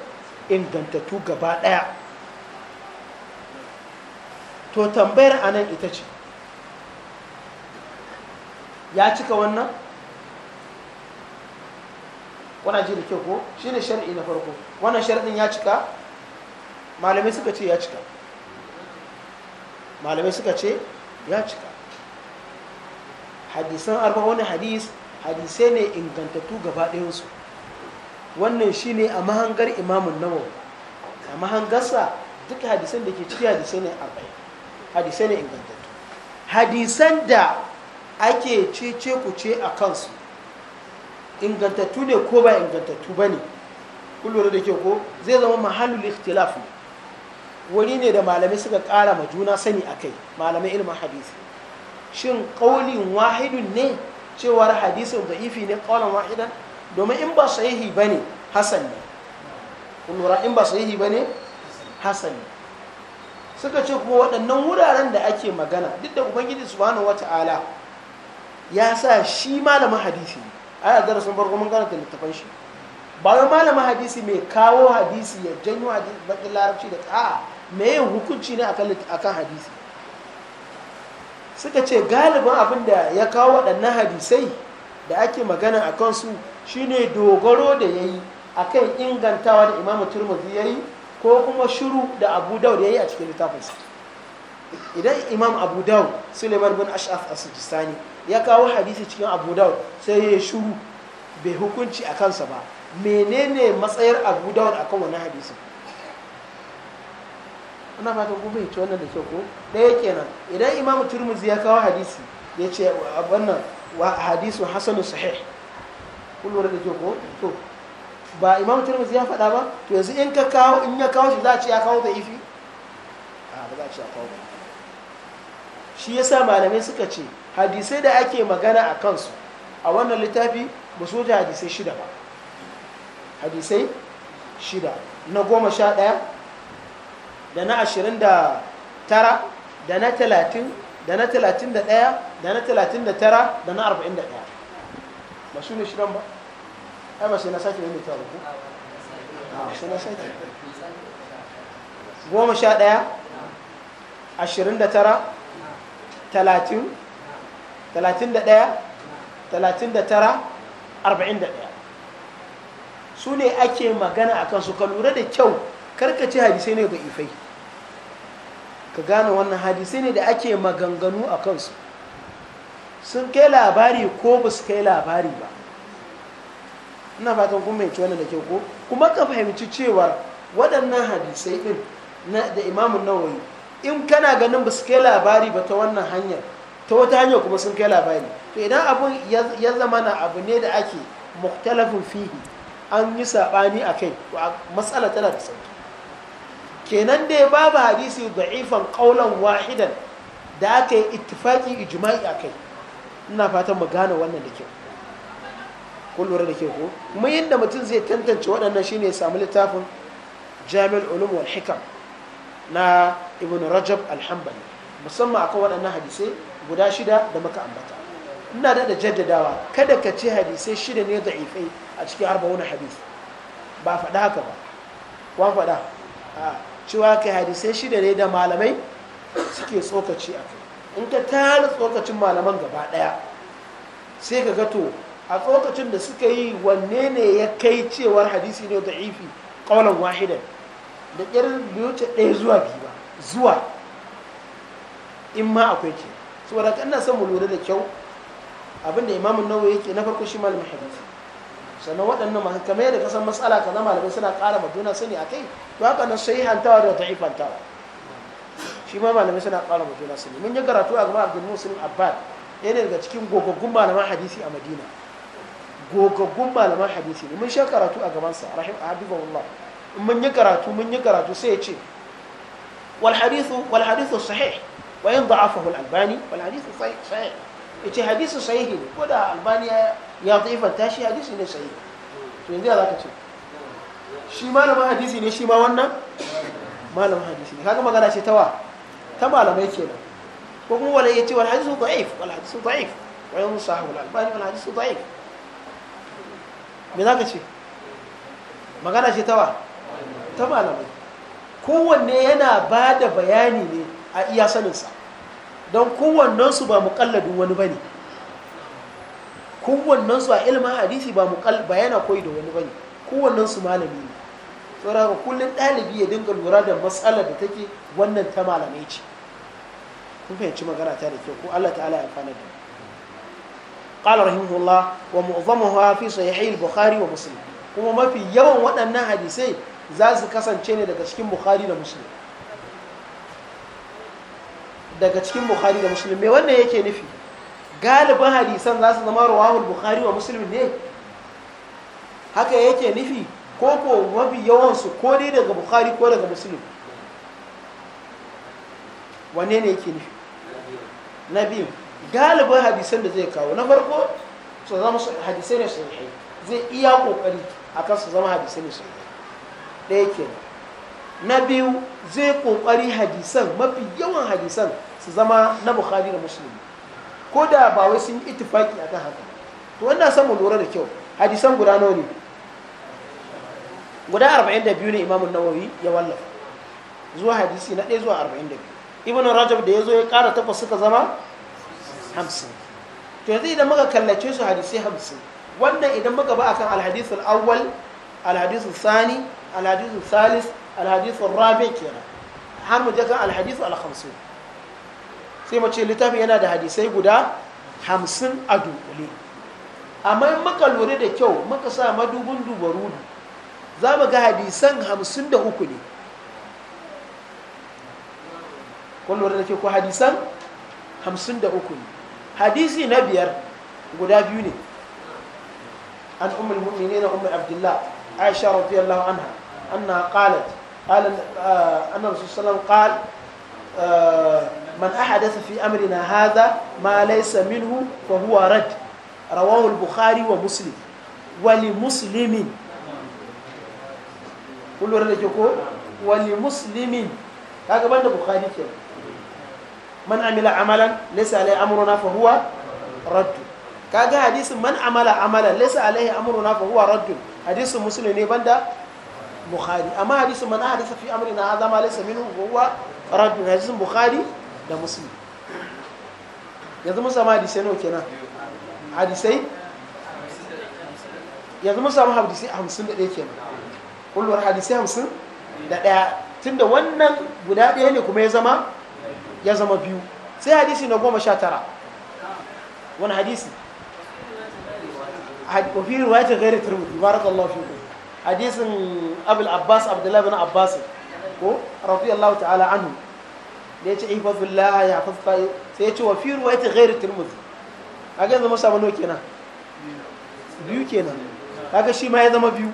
ingantattu gaba daya to tambayar anan ita ce ya cika wannan Wannan ji da kyau ko shine shar'i na farko wannan shar'in ya cika malamai suka ce ya cika malamai suka ce ya cika hadisan arba wani hadis hadisai ne ingantattu gaba ɗayansu wannan shi ne a mahangar imamun nawa a mahangarsa duk hadisan da ke ciki hadisai ne arba'in hadisai ne ingantattu hadisan da ake cece ce a kansu ingantattu ne ko ba ingantattu ba ne kullum da ke ko zai zama mahallul ikhtilaf ne wuri ne da malamai suka kara ma juna sani a kai malamai ilimin hadisi shin ƙaunin wahidun ne cewar hadisin ifi ne ƙaunar wahidan domin in ba sahihi ba ne hasan ne lura in ba sahihi ba ne hasan ne suka ce kuma waɗannan wuraren da ake magana duk da ubangiji subhanahu wata'ala ya sa shi malamin hadisi ne a yadda sun farko mun da littafan shi ba wai malamin hadisi mai kawo hadisi ya janyo hadisi bakin larabci da ta'a me yin hukunci ne akan hadisi suka ce galibin abin da ya kawo waɗannan hadisai da ake magana a kansu shine dogaro da ya yi a kan ingantawa da imamu turmuzi ya yi ko kuma shiru da abu daud ya yi a cikin littafinsa idan imam abu daud suleiman bin ash'af as Sani, ya kawo hadisi cikin abu daud sai ya shiru bai hukunci a kansa ba menene matsayar abu daud akan wani hadisin ana fata ku fahimci wannan da kyau ko ɗaya kenan idan imam turmuzi ya kawo hadisi ya ce wannan wa hadisu hasanu sahih kullum da kyau ko to ba imam turmuzi ya faɗa ba to yanzu in ka kawo in ya kawo shi za a ce ya kawo da ifi a ba za a ce ya kawo ba shi yasa malamai suka ce hadisai da ake magana a kansu a wannan littafi ba su hadisai shida ba hadisai shida na goma sha ɗaya da na ashirin da tara da na talatin da na talatin da ɗaya da na talatin da tara da na arba'in da ɗaya ba su ne shirin ba ai ba sai na sake wani tawa ko ah, sai na sake goma sha ɗaya ashirin da tara talatin talatin da ɗaya talatin da tara arba'in da ɗaya su ne ake magana a kansu ka lura da kyau karkace hadisai ne ga ifai ka gane wannan hadisai ne da ake maganganu a kansu sun kai labari ko ba su kai labari ba ina fatan kun fahimci wannan da ke ko kuma ka fahimci cewar waɗannan hadisai ɗin da imamun nawayi in kana ganin ba su kai labari ba ta wannan hanyar ta wata hanyar kuma sun kai labari to idan abun ya zama na abu ne da ake muktalafin fihi an yi saɓani a kai matsala tana da sauki kenan dai babu hadisi da'ifan qaulan wahidan da aka yi ijima'i a kai ina fatan mu gane wannan da kyau kun lura da kyau kuma yadda mutum zai tantance waɗannan shine ya samu littafin jami'ul ulum wal hikam na ibn rajab alhambali musamman akwai waɗannan hadisai guda shida da muka ambata ina daɗa da jaddadawa kada ka ce hadisai shida ne da ifai a cikin arba'un hadisi ba faɗa haka ba kwan faɗa cewa kai hadisai shida ne da malamai suke tsokaci a kai in ka tara tsokacin malaman gaba ɗaya sai ka gato a tsokacin da suka yi wanne ne ya kai cewar hadisi ne da ifi ƙaunar wahidan da ƙirar wuce ɗaya zuwa biyu ba zuwa in ma akwai ke saboda ina son mu lura da kyau abinda imamun nawa yake na farko shi malamin hadisi sannan waɗannan masu kamar kasan matsala kaza malamai suna ƙara ma juna sani a kai to haka nan sai hantawa da ta ifantawa shi ma malamai suna ƙara ma juna sani mun yi karatu a gaba abdul muslim abbad yana daga cikin gogaggun malaman hadisi a madina gogaggun malaman hadisi ne mun sha karatu a gabansa rahim habibullah mun yi karatu mun yi karatu sai ya ce wal hadithu wal hadithu sahih wa in da'afahu al albani wal hadithu sahih yace hadisi sahihi ne ko da albani ya ya taifanta shi hadisi ne sai to yanzu ya zaka ce shi malamin hadisi ne shi ma wannan malamin hadisi ne kaga magana ce tawa ta malamai kenan ko kuma wala yace wal hadisu da'if wal hadisu da'if wa yamu sahibu al albani wal hadisu da'if me zaka ce magana ce tawa ta malamai kowanne yana ba da bayani ne a iya saninsa don kowannensu ba mu muƙalladin wani ba ne kowannen su a ilimin hadisi ba mu ba yana koyi da wani bane kowannen su malami ne saboda kullun ɗalibi ya dinga lura da matsalar da take wannan ta malamai ce kun fahimci magana ta da kyau ko Allah ta'ala ya amfana da قال رحمه الله ومعظمها في صحيح البخاري ومسلم kuma mafi yawan waɗannan hadisai za su kasance ne daga cikin bukhari da muslim daga cikin bukhari da muslim me wannan yake nufi galibin hadisan za su zama rawahul bukhari wa muslim ne haka yake nufi ko ko mafi yawansu ko dai daga bukhari ko daga muslim wane ne yake nufi na biyu galibin hadisan da zai kawo na farko su zama hadisai ne sahihai zai iya kokari akan su zama hadisai ne sahihai ɗaya ke na biyu zai kokari hadisan mafi yawan hadisan su zama na bukhari da muslim ko da ba wai sun yi ittifaki akan haka to wannan san mu lura da kyau hadisan guda nawa ne guda 42 ne Imam Nawawi ya wallafa zuwa hadisi na 1 zuwa 42 Ibn Rajab da yazo ya ƙara takwas suka zama 50 to yanzu idan muka kallace su hadisi 50 wannan idan muka ba akan al-hadithul awwal al-hadithul thani al-hadithul thalith al rabi' kenan har mu je kan al-hadithul al sai mace littafin yana da hadisai guda hamsin a dubule amma in muka lura da kyau muka sa madubin ne za mu ga hadisan hamsin da uku ne kun lura da kyau ko hadisan hamsin da uku ne hadisi na biyar guda biyu ne an umar mummini na umar abdullah aisha radiyallahu anha anna qalat قال أن الرسول صلى الله man ahadatha fi amrina hadha ma laysa minhu fa huwa rad rawahu al wa muslim wa li muslimin kullu da ke ko muslimin kaga banda bukhari ke man amila amalan laysa alai amruna fa huwa rad kaga hadisin man amala amalan laysa alai amruna fa huwa rad hadisin muslim ne banda bukhari amma hadisin man ahadatha fi amrina hadha ma laysa minhu fa huwa rad hadisin da musulmi yanzu mun samu hadisai nawa kenan hadisai yanzu mun samu hadisai hamsin da ɗaya kenan kullum hadisai hamsin da ɗaya tun da wannan guda ɗaya ne kuma ya zama ya zama biyu sai hadisi na goma sha tara wani hadisi وفي رواية غير الترمذي بارك الله فيكم حديث أبي العباس عبد الله بن ko rafi الله ta'ala عنه da ya ce ihfazullaha ya fafa sai ya ce wa fi ruwayatin ghairu tirmidhi a ga zama samu nawa kenan biyu kenan haka shi ma ya zama biyu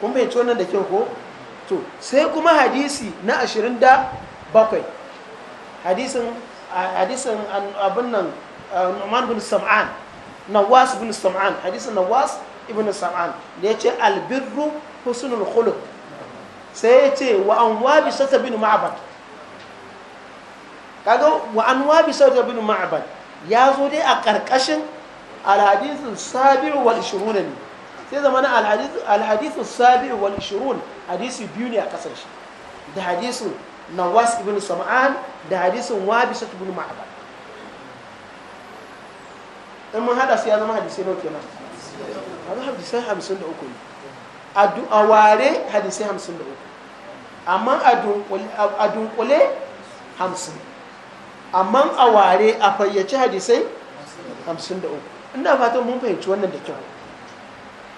kun bai wannan da kyau ko to sai kuma hadisi na ashirin da bakwai hadisin hadisin abin nan Numan bin Sam'an Nawas bin Sam'an hadisin Nawas ibn Sam'an da ya ce albirru husnul khuluq sai ya ce wa an wabi sata bin ma'abata kaga wa an wabi sauta bin ma'aban ya zo dai a karkashin alhadisun sabir wal ishirun ne sai zama na alhadisun sabir wal ishirun hadisi biyu ne a kasar shi da hadisin nawas ibn sam'an da hadisin wabi sauta bin ma'aban in mun hada siya ya zama hadisai nau kenan a hadisai hamsin da uku ne a ware hadisai hamsin da uku amma a dunkule hamsin amma a ware a fayyace hadisai 53 ina fatan mun fahimci wannan da kyau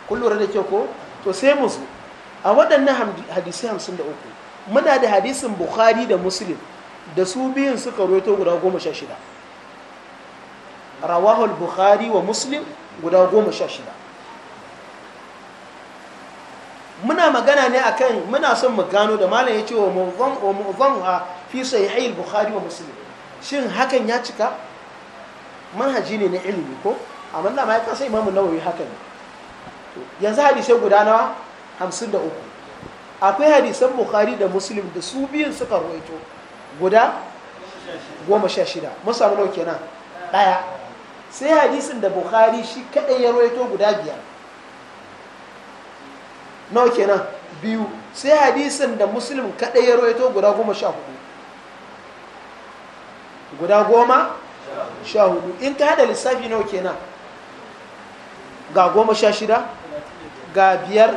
kun lura da kyau ko to sai mu zo a waɗannan hadisai 53 muna da hadisin bukhari da muslim da su biyun suka roto guda goma sha shida rawahul bukhari wa muslim guda goma sha shida muna magana ne akan muna son mu gano da malam ya ce wa mu'zam wa fi sahihai bukhari wa muslim shin hakan ya cika manhaji ne na ilimi ko amma da ma ya kasa imamu nawawi hakan ne yanzu hadisai guda nawa hamsin da uku akwai hadisan bukhari da muslim da su biyun suka roito guda goma sha shida musa nau kenan ɗaya sai hadisin da bukhari shi kadai ya roito guda biyar nawa kenan biyu sai hadisin da muslim kadai ya roito guda goma sha hudu guda goma sha hudu in ka hada lissafi nawa kenan ga goma sha shida ga biyar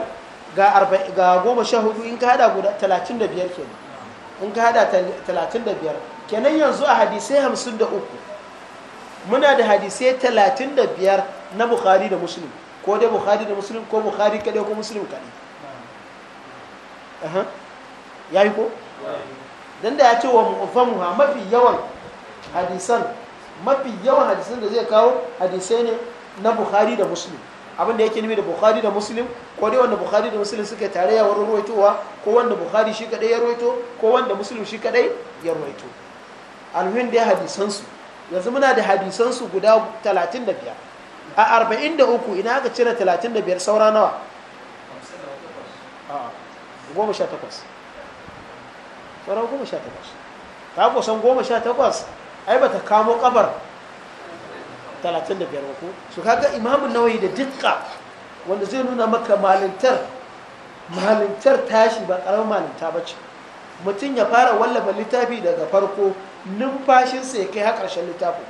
ga goma sha hudu in ka hada guda talatin da biyar kenan in ka hada talatin da biyar kenan yanzu a hadisai hamsin da uku muna da hadisai talatin da biyar na bukhari da musulun ko dai bukhari da musulun ko bukhari kaɗe ko musulun kaɗe ya yi ko? don da ya ce wa mafi yawan hadisan mafi yawan hadisan da zai kawo hadisai ne na bukhari da muslim abin da yake nufi da bukhari da muslim ko dai wanda bukhari da muslim suka tare wurin ruwaitowa ko wanda bukhari shi kadai ya ruwaito ko wanda muslim shi kadai ya ruwaito alhuin dai hadisan su yanzu muna da hadisan su guda 35 a 43 ina aka cire 35 saura nawa goma sha takwas sauran goma sha takwas ta kusan goma sha takwas ai ta kamo kabar 35 ba ko su kaga imamu nawayi da dukka wanda zai nuna maka malintar malintar tashi ba karamin malinta ba ce mutum ya fara wallafa littafi daga farko numfashinsa ya kai har karshen littafin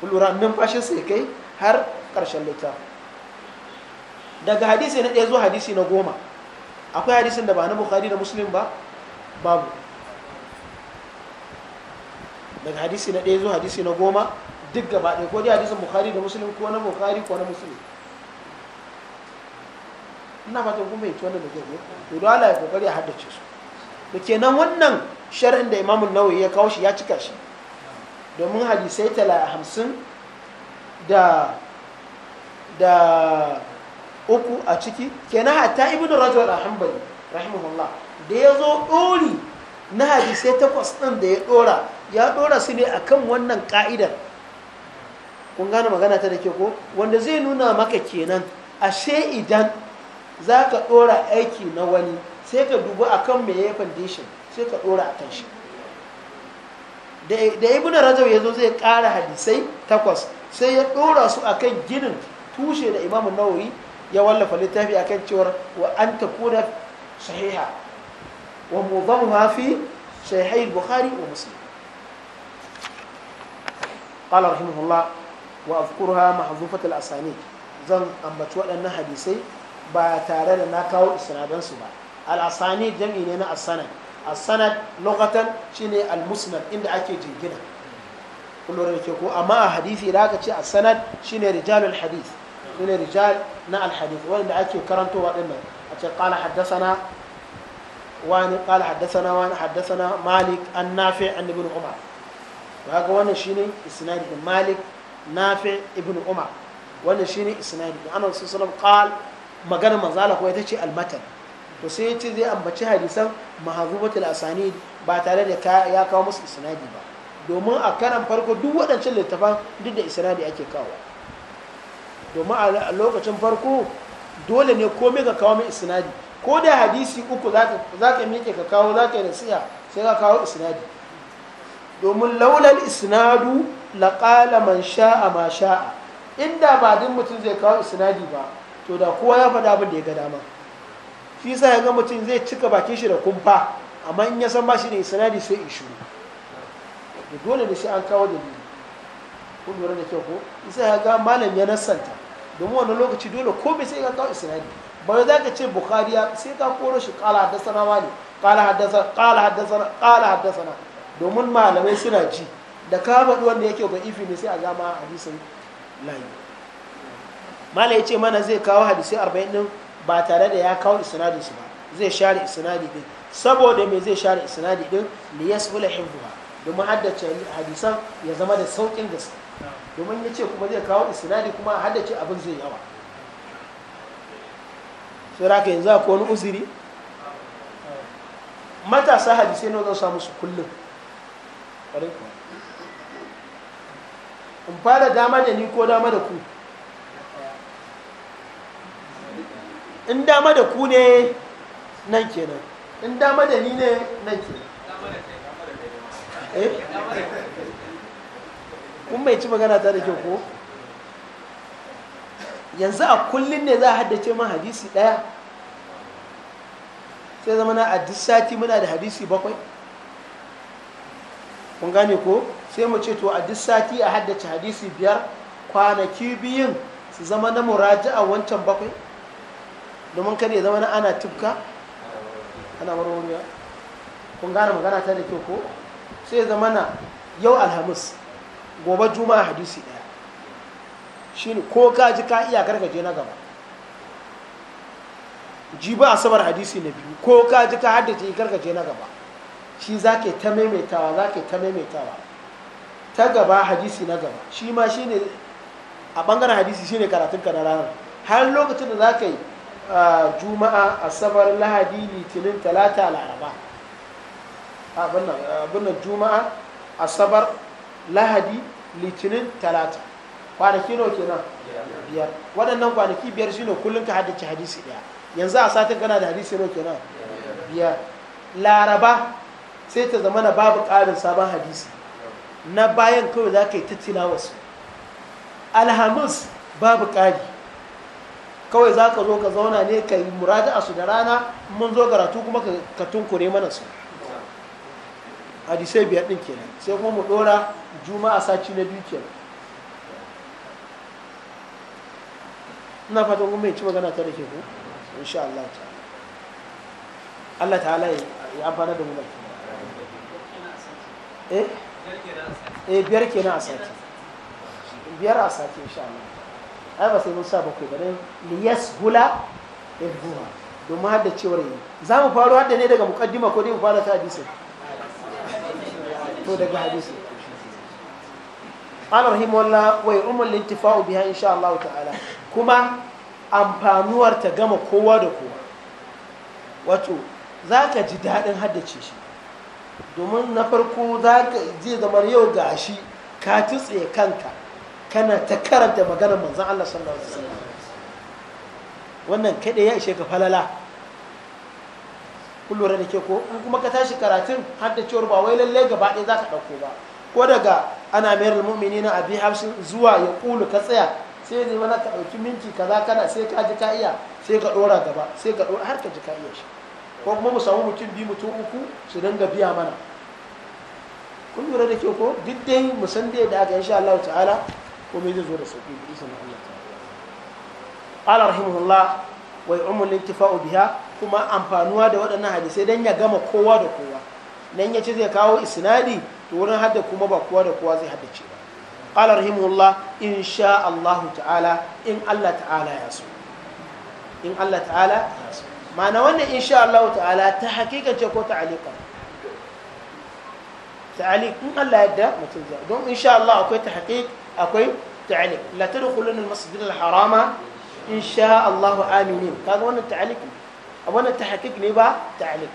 kulura numfashinsa ya kai har karshen littafin daga hadisi na ɗaya zuwa hadisi na goma akwai hadisin da ba na bukhari da muslim ba babu daga hadisi na ɗaya zuwa hadisi na goma duk gaba ɗaya ko dai hadisin bukhari da musulun ko na bukhari ko na musulun ina fatan kuma yi wannan da ke ko to dole ya kokari a haddace su da kenan wannan shari'in da imamun nawawi ya kawo shi ya cika shi domin hadisai tala hamsin da da uku a ciki kenan hatta ibn rajul al-hanbali rahimahullah da ya zo ɗori na hadisai takwas ɗin da ya ɗora ya ɗora su ne akan wannan ka'idar kun gane magana ta da ke ko wanda zai nuna maka kenan ashe idan za ka ɗora aiki na wani sai ka a kan mai ya foundation sai ka ɗora akan shi da ibn rajab ya zo zai ƙara hadisai takwas sai ya ɗora su akan ginin tushe da imamu nawawi ya wallafa littafi akan cewar wa an takuna sahiha wa mu zama fi sahihai bukhari wa musulmi. qala rahimahullah wa azkurha mahzufatul asani zan ambaci waɗannan hadisai ba tare da na kawo isnadansu ba al-asani jam'i ne na Asanad Asanad as-sanad lughatan shine al inda ake jingina kullum da ke ko amma a hadisi da aka ce Asanad sanad shine rijalul hadith shine rijal na al wanda ake karantowa dinnan a qala haddathana wani qala haddathana wani haddathana malik an-nafi' umar kaga wannan shine isnadi da malik nafi ibn umar wannan shine isnadi da anas sallallahu alaihi wasallam magana manzala ko ita ce almatan to sai ya zai ambaci hadisan mahazubatul asani ba tare da ya kawo musu isnadi ba domin a karan farko duk waɗancan littafan duk da isnadi ake kawo domin a lokacin farko dole ne komai ka kawo mai isnadi ko da hadisi uku za ka miƙe ka kawo za ka yi nasiha sai ka kawo isnadi domin laulal isnadu laƙala man sha'a ma sha'a inda ba din mutum zai kawo isnadi ba to da kowa ya faɗa abin da ya ga dama shi sa ya ga mutum zai cika bakin shi da kumfa amma in ya san ba shi da isnadi sai in shuru da dole da shi an kawo dalili kun lura da kyau ko isa ya ga malam ya nassanta domin wani lokaci dole ko bai sai ka kawo isnadi ba za ka ce bukari sai ka koro shi kala haddasa ne kala haddasa kala haddasa kala haddasa domin malamai suna ji da ka faɗi wanda yake ba ifi ne sai a a hadisin layi malai ce mana zai kawo hadisai arba'in din ba tare da ya kawo isnadin su ba zai share isnadi din saboda me zai share isnadi din li yasbula hifdha domin haddace hadisan ya zama da saukin gaske domin ya ce kuma zai kawo isnadi kuma haddace abin zai yawa sai raka yanzu akwai wani uziri matasa hadisai ne zan samu su kullum ƙwarai in fara dama da ni ko dama da ku in dama da ku ne nan kenan in dama da ni ne nan kenan eh? kun mai ci magana ta da kyau ko yanzu a kullum ne za a haddace man hadisi ɗaya sai zama na a sati muna da hadisi bakwai kun gane ko sai mu ce to a duk sati a haddace hadisi biyar kwanaki biyun su zama na muraji a wancan bakwai domin kare ya zama na ana tufka ana warwariya kun gane magana ta da kyau ko sai ya zama na yau alhamis gobe juma hadisi ɗaya shine ko ka ji ka iya karka je na gaba ji ba asabar hadisi na biyu ko ka ji ka haddace karka je na gaba shi za ke ta maimaitawa za ke ta maimaitawa ta gaba hadisi na gaba shi ma shi ne a ɓangaren hadisi shi ne karatunka na ranar har lokacin da za ka yi juma'a asabar lahadi litinin talata laraba abin juma'a asabar lahadi litinin talata kwanaki nawa kenan biyar waɗannan kwanaki biyar shi ne kullum ka haddace hadisi ɗaya yanzu a satin gana da hadisi nawa kenan biyar laraba sai ta zamana babu ƙarin sabon hadisi na bayan kawai za ka yi ta su alhamis babu ƙari kawai za ka zo ka zauna ne ka yi murada a su da rana mun zo karatu kuma ka tunkure mana su hadisai biyar ɗin kenan sai kuma mu ɗora juma'a sati na biyu kenan ina fatan kuma ci magana ta da ke ku insha Allah ta Allah halaye ya amfana da mu Eh? eh biyar kenan a sati biyar a sati insha Allah ai ba sai mun sa bakwai ba dan liyas hula ibduha domin hadda cewar yi za mu faro hadda ne daga muqaddima ko dai mu fara ta hadisi to daga hadisi قال رحمه الله ويؤم الانتفاع بها ان شاء Allah ta'ala kuma amfanuwar ta gama kowa da kowa wato za ka ji daɗin haddace shi domin na farko je zama yau ga shi ka tutse kanka kana ta karanta maganar manzan Allah sallallahu alaihi wasallam wannan kaɗe ya ishe ka falala kun da ke ko in kuma ka tashi karatun har cewar ba wai lallai gaba ɗaya za ka ɗauko ba ko daga ana mayar mu'mini na abi hafsin zuwa ya ƙulu ka tsaya sai ne mana ka ɗauki minti kaza kana sai ka ji ka iya sai ka ɗora gaba sai ka ɗora har ka ji ka shi ko kuma mu samu mutum biyu mutum uku su dinga biya mana kun lura da ke ko duk dai mu san dai da aka insha Allah ta'ala ko me zai zo da sauki bi sanin Allah ta'ala ala rahimahullah wa yu'mul intifa'u biha kuma amfanuwa da waɗannan hadisai dan ya gama kowa da kowa nan ya ce zai kawo isnadi to wurin hadda kuma ba kowa da kowa zai haddace ba qala rahimahullah insha Allah ta'ala in Allah ta'ala ya so in Allah ta'ala ya so ma'ana wannan insha Allah ta'ala ta hakikance ko ta'alika ta'alik in Allah yadda mutum zai don insha Allah akwai tahqiq akwai ta'alik la tadkhulun al-masjid al-harama insha Allah aminin kaga wannan ta'alik a wannan tahqiq ne ba ta'alik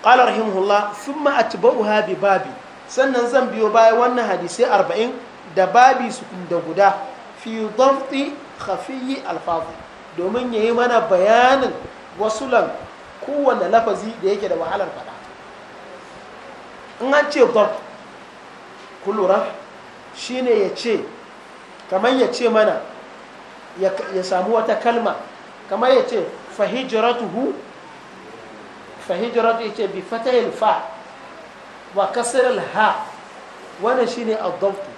qala rahimahullah thumma atba'uha bi babi sannan zan biyo baya wannan hadisi 40 da babi su da guda fi dhabti khafiyyi al-fadhi domin ya yi mana bayanin wasu wasulan kowane lafazi da yake da wahalar fada in an ce dab kulura shine ya ce kamar ya ce mana ya samu wata kalma kamar ya ce fahijiratuhu fahijiratu ya ce bi fatahil fa wa kasar ha wannan shine adabtu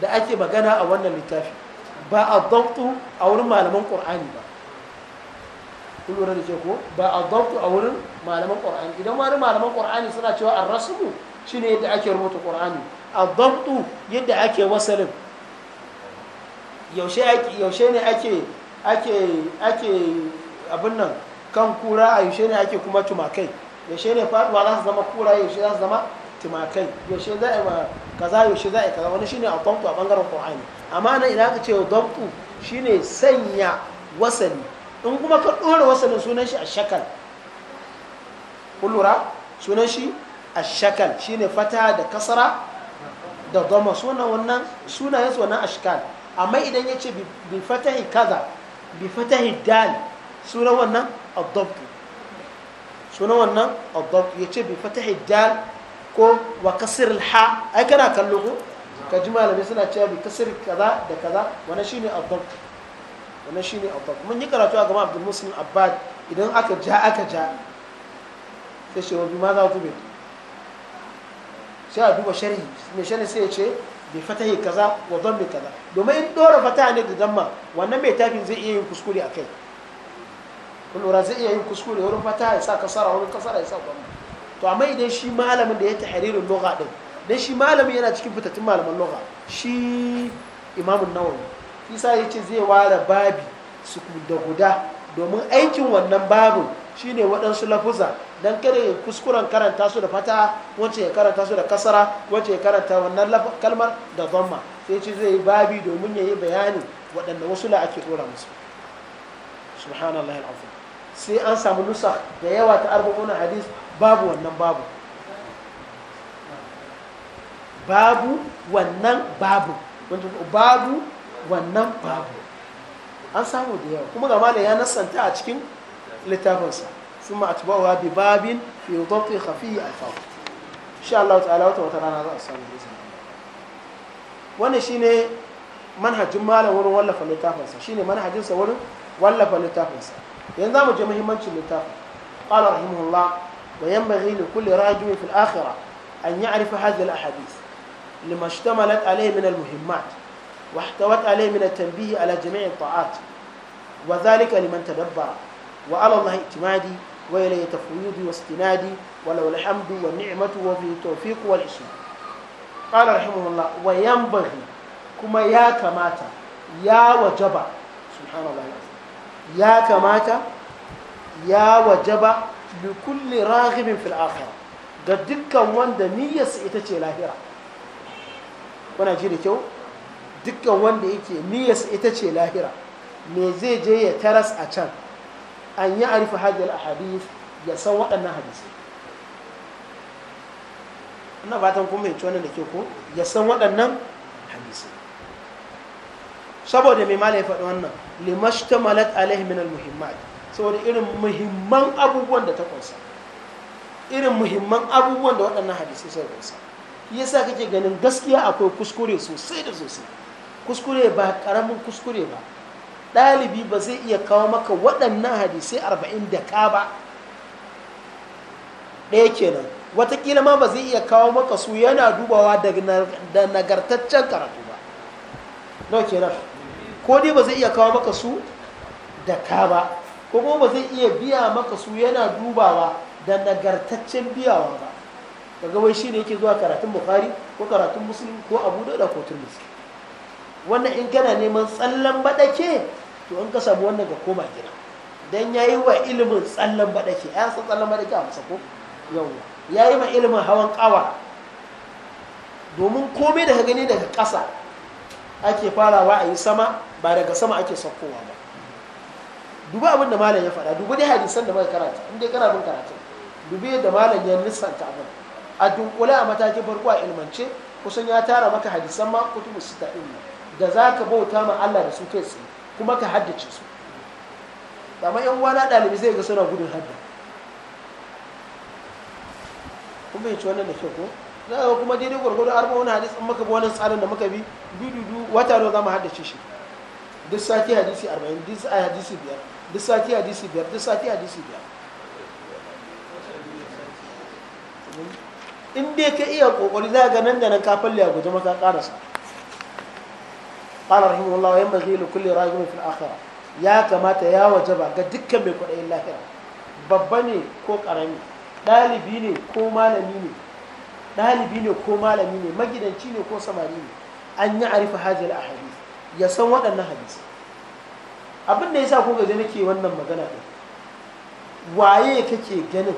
da ake magana a wannan littafi ba a dabtu a wurin malaman ƙur'ani ba kun lura da ke ko ba a dabtu a wurin malaman ƙur'ani idan wani malaman ƙur'ani suna cewa rasu shi ne yadda ake rubuta ƙur'ani a dabtu yadda ake wasalin yaushe yaushe ne ake ake ake abin nan kan kura a yaushe ne ake kuma tumakai yaushe ne faɗuwa za su zama kura yaushe za su zama tumakai yaushe za a kaza yaushe za a kaza wani shi ne a kwamfu a bangaren ƙur'ani. amma nan idan aka ce dabtu shine sanya wasali in kuma ka ɗora wasalin sunan shi a shakal kullura sunan shi a shakal shine fata da kasara da dama sunan wannan sunayen su wannan ashkal amma idan ya ce bi fatahi kaza bi fatahi dal sunan wannan adabtu sunan wannan adabtu ya ce bi fatahi dal ko wa kasir ha ai kana kallo ko ka ji malamai suna cewa bi kasir kaza da kaza Wani shine abdab wani shine abdab mun yi karatu a gama abdul muslim abbad idan aka ja aka ja sai ce wa ma za ku bi sai a duba sharhi mai sharhi sai ya ce bi fatahi kaza wa dhammi kaza domin in dora fataha ne da damma wannan mai tafin zai iya yin kuskure a kai kullura zai iya yin kuskure wurin fataha ya sa kasara wurin kasara ya sa dhamma to amma idan shi malamin da ya tahririn lugha din dan shi malami yana cikin fitattun malaman lugha shi imamun nawawi isa ya ce zai ware babi su da guda domin aikin wannan babin shine waɗansu lafuza dan kada ya kuskuren karanta su da fata wacce ya karanta su da kasara wacce ya karanta wannan kalmar da zamma sai ce zai babi domin ya yi bayani waɗanda wasu la ake ɗora musu subhanallah al'azim sai an samu nusa da yawa ta arba'una hadis babu wannan babu babu wannan babu babu wannan babu an samu da yawa kuma ga ya nasanta a cikin littafinsa sun ma atbawa bi babin fi dhafi khafi al-faw insha Allah ta'ala wata wata rana za a samu da izini wannan shine manhajin malam wurin wallafa littafinsa shine manhajin sa wurin wallafa littafinsa yanzu za mu je muhimmancin littafin قال رحمه الله وينبغي لكل راجل في الآخرة أن يعرف هذه الأحاديث لما اشتملت عليه من المهمات واحتوت عليه من التنبيه على جميع الطاعات وذلك لمن تدبر وعلى الله اعتمادي وإليه تفويضي واستنادي ولو الحمد والنعمة وفي التوفيق والإسلام قال رحمه الله وينبغي كما يا كماتا يا وجبا سبحان الله العظيم يا كماتا يا وجبا لكل راغب في الآخرة قد دكا وان دنيا سئتك لاهرة kuna ji da kyau dukkan wanda yake niyyarsa ita ce lahira me zai je ya taras a can an yi arifa hajjar a hadis ya san waɗannan hadisai ina fatan kuma yanci wannan da ke ko ya san waɗannan hadisai saboda mai mala ya faɗi wannan limashtamalat alaihi min almuhimmat saboda irin muhimman abubuwan da ta kunsa irin muhimman abubuwan da waɗannan hadisai sai kunsa yasa kake ganin gaskiya akwai kuskure sosai da sosai kuskure ba karamin kuskure ba ɗalibi ba zai iya kawo maka waɗannan hadisai arba'in da ka ba ɗaya kenan watakila ma ba zai iya kawo maka su yana dubawa da nagartaccen karatu ba ke kenan ko dai ba zai iya kawo maka su da ka ba ko kuma ba zai iya biya maka su yana dubawa da nagartaccen biyawa ba kaga wai shine yake zuwa karatun bukhari ko karatun muslim ko abu dauda ko turmisi wannan in kana neman tsallan baɗake to in ka samu wannan ka koma gida dan yayi wa ilimin tsallan baɗake ya san tsallan baɗake a masa ko Ya yayi ma ilimin hawan kawa domin komai da gani daga ƙasa ake farawa a yi sama ba daga sama ake saukowa ba duba abin da malam ya faɗa dubu dai hadisan da muka karatu in dai kana bin karatu dubi da malam ya lissanta abin a dunkula a mataki farko a ilmance kusan ya tara maka hadisan ma kutubu sita din da za ka bauta ma Allah da su kai tsaye kuma ka haddace su amma yan uwa na ɗalibi zai ga suna gudun hadda kuma ya ci wannan da kyau ko za a kuma daidai gwargwado arba wani hadis in maka bi tsarin da muka bi dududu wata nawa za mu haddace shi duk sati hadisi arba'in duk sati hadisi biyar duk sati hadisi biyar duk sati hadisi biyar hmm? in dai ka iya kokari za ga nan da nan ka falle a guje maka karasa qala kulli akhirah ya kamata ya wajaba ga dukkan mai kwaɗayin lahira babba ne ko karami dalibi ne ko malami ne dalibi ne ko malami ne magidanci ne ko samari ne an yi arifa hajjal a hadisi ya san waɗannan hadisi abin da ya sa ko gaje nake wannan magana ɗin waye kake ganin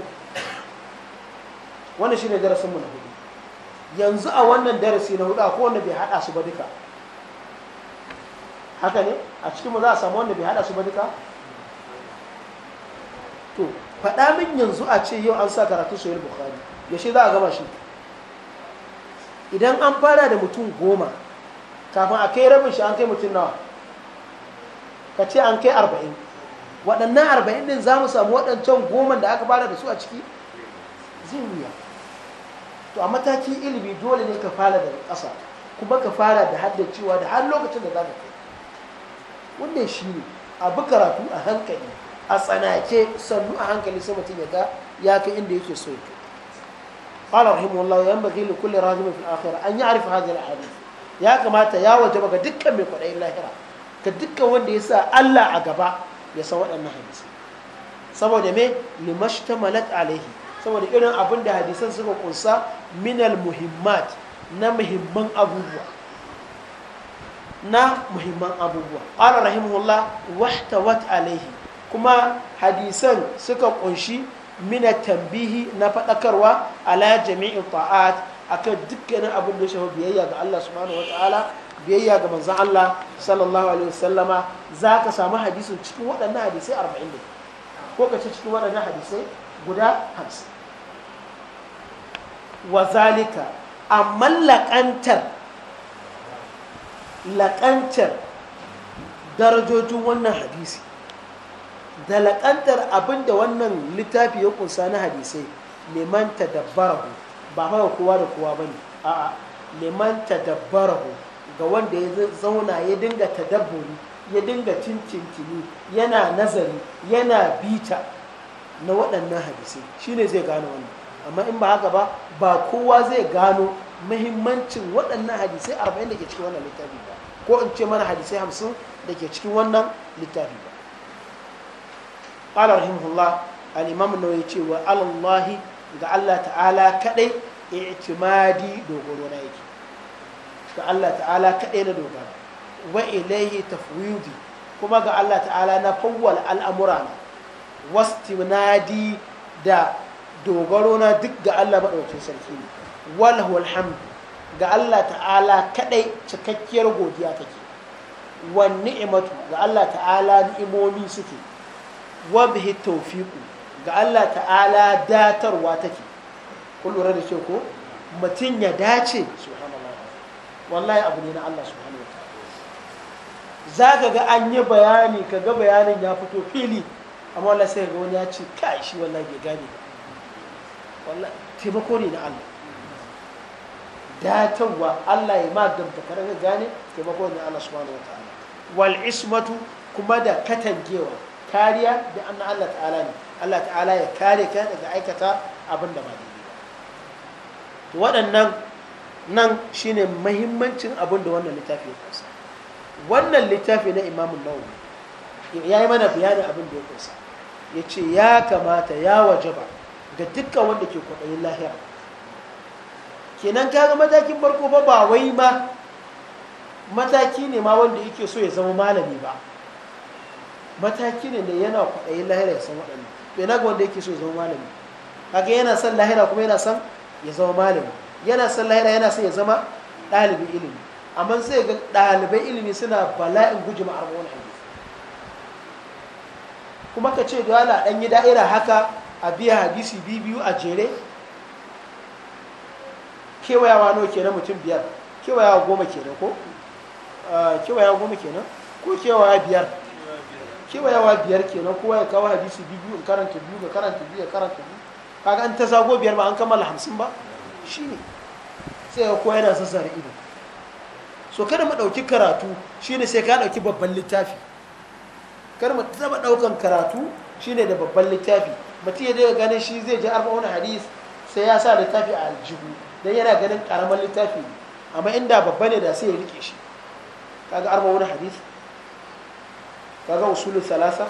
wannan shine darasin mu na hudu yanzu a wannan darasi na hudu akwai wanda bai hada su ba duka haka ne a cikin mu za a samu wanda bai hada su ba duka to faɗa min yanzu a ce yau an sa karatu sayyid bukhari yaushe za a gama shi idan an fara da mutum goma kafin a kai rabin shi an kai mutum nawa ka ce an kai arba'in waɗannan arba'in din za mu samu waɗancan goma da aka fara da su a ciki zai wuya to a matakin ilimi dole ne ka fara da ƙasa kuma ka fara da haddar cewa da har lokacin da za ka kai wannan shi a bi karatu a hankali a tsanake sannu a hankali sai mutum ya ga ya kai inda yake so ya kai qala rahimahullah yan bagi li kulli rajulin fil akhirah an ya'rif hadha al hadith ya kamata ya wajaba ga dukkan mai kwadai lahira ka dukkan wanda ya sa Allah a gaba ya san waɗannan hadisi saboda me limashtamalat alaihi saboda irin abin da hadisan suka kunsa minal muhimmat na muhimman abubuwa na muhimman abubuwa ƙara rahimahullah wahtawat alaihi kuma hadisan suka kunshi mina tambihi na faɗakarwa ala jami'in ta'at akan dukkanin abin da ya biyayya ga Allah subhanahu wataala biyayya ga manzon Allah sallallahu alaihi wasallama za ka samu hadisin cikin waɗannan hadisai arba'in ne ko ka ce cikin waɗannan hadisai guda hamsin wa zalika amma laƙantar laƙantar darajojin wannan hadisi da laƙantar abinda wannan littafi ya kunsa na hadisai neman tadabbarahu ba haka kowa da kowa ba ne a'a neman tadabbarahu ga wanda ya zauna ya dinga ta tadabburi ya dinga cincincini yana nazari yana bita na waɗannan hadisai Shi ne zai gane wannan amma in ba haka ba ba kowa zai gano mahimmancin waɗannan hadisai arba'in da ke cikin wannan littafi ba ko in ce mana hadisai hamsin da ke cikin wannan littafi ba قال رحمه الله na wai ce wa الله ga Allah ta'ala kadai i'timadi dogoro na yake ga Allah ta'ala kadai na dogara wa ilayhi tafwidi kuma ga Allah ta'ala na fawwal al'amura na wasu da dogaro na duk ga Allah maɗaukin sarki ne walahu alhamdu ga Allah ta'ala kadai cikakkiyar godiya take wa ni'imatu ga Allah ta'ala ni'imomi suke wa bihi tawfiqu ga Allah ta'ala datarwa take kun lura da ko mutum ya dace subhanallah wallahi abu ne na Allah subhanahu wa ta'ala zaka ga an yi bayani kaga bayanin ya fito fili amma wallahi sai ga wani ya ce kai shi wallahi bai gane Wala taimako ne na Allah datarwa Allah ya maganta kare ka gane taimako ne Allah subhanahu wataala wal ismatu kuma da katangewa kariya da anna Allah ta'ala ne Allah ta'ala ya kare ka daga aikata abin da ba daidai ba to waɗannan nan shine muhimmancin abin da wannan littafi ya kunsa wannan littafi na Imam Nawawi ya yi mana bayanin abin da ya kunsa ya ce ya kamata ya wajaba ga dukkan wanda ke kwaɗayin lahira kenan kaga matakin farko ba ba wai ma mataki ne ma wanda yake so ya zama malami ba mataki ne da yana kwaɗayin lahira ya san waɗanda to yana ga wanda yake so ya zama malami haka yana son lahira kuma yana son ya zama malami yana son lahira yana son ya zama ɗalibin ilimi amma sai ga ɗalibai ilimi suna bala'in guji ma'arwa wani hadisi kuma ka ce dole a ɗanyi yi da'ira haka a biya hadisi biyu a jere kewayawa nawa kenan mutum biyar kewayawa goma kenan ko kewayawa goma kenan ko kewayawa biyar kewayawa biyar kenan kowa ya kawo hadisi biyu in karanta biyu ga karanta biyu ga karanta biyu kaga an ta zago biyar ba an kammala hamsin ba shi ne sai ga kowa yana sassare ido so kada mu ɗauki karatu shine sai ka ɗauki babban littafi kar mu taɓa ɗaukan karatu shine da babban littafi mutum ya daga ganin shi zai ji arba'un hadis sai ya sa littafi a aljihu dan yana ganin karamar littafi ne amma inda babba ne da sai ya rike shi kaga arba'un hadis kaga usulul salasa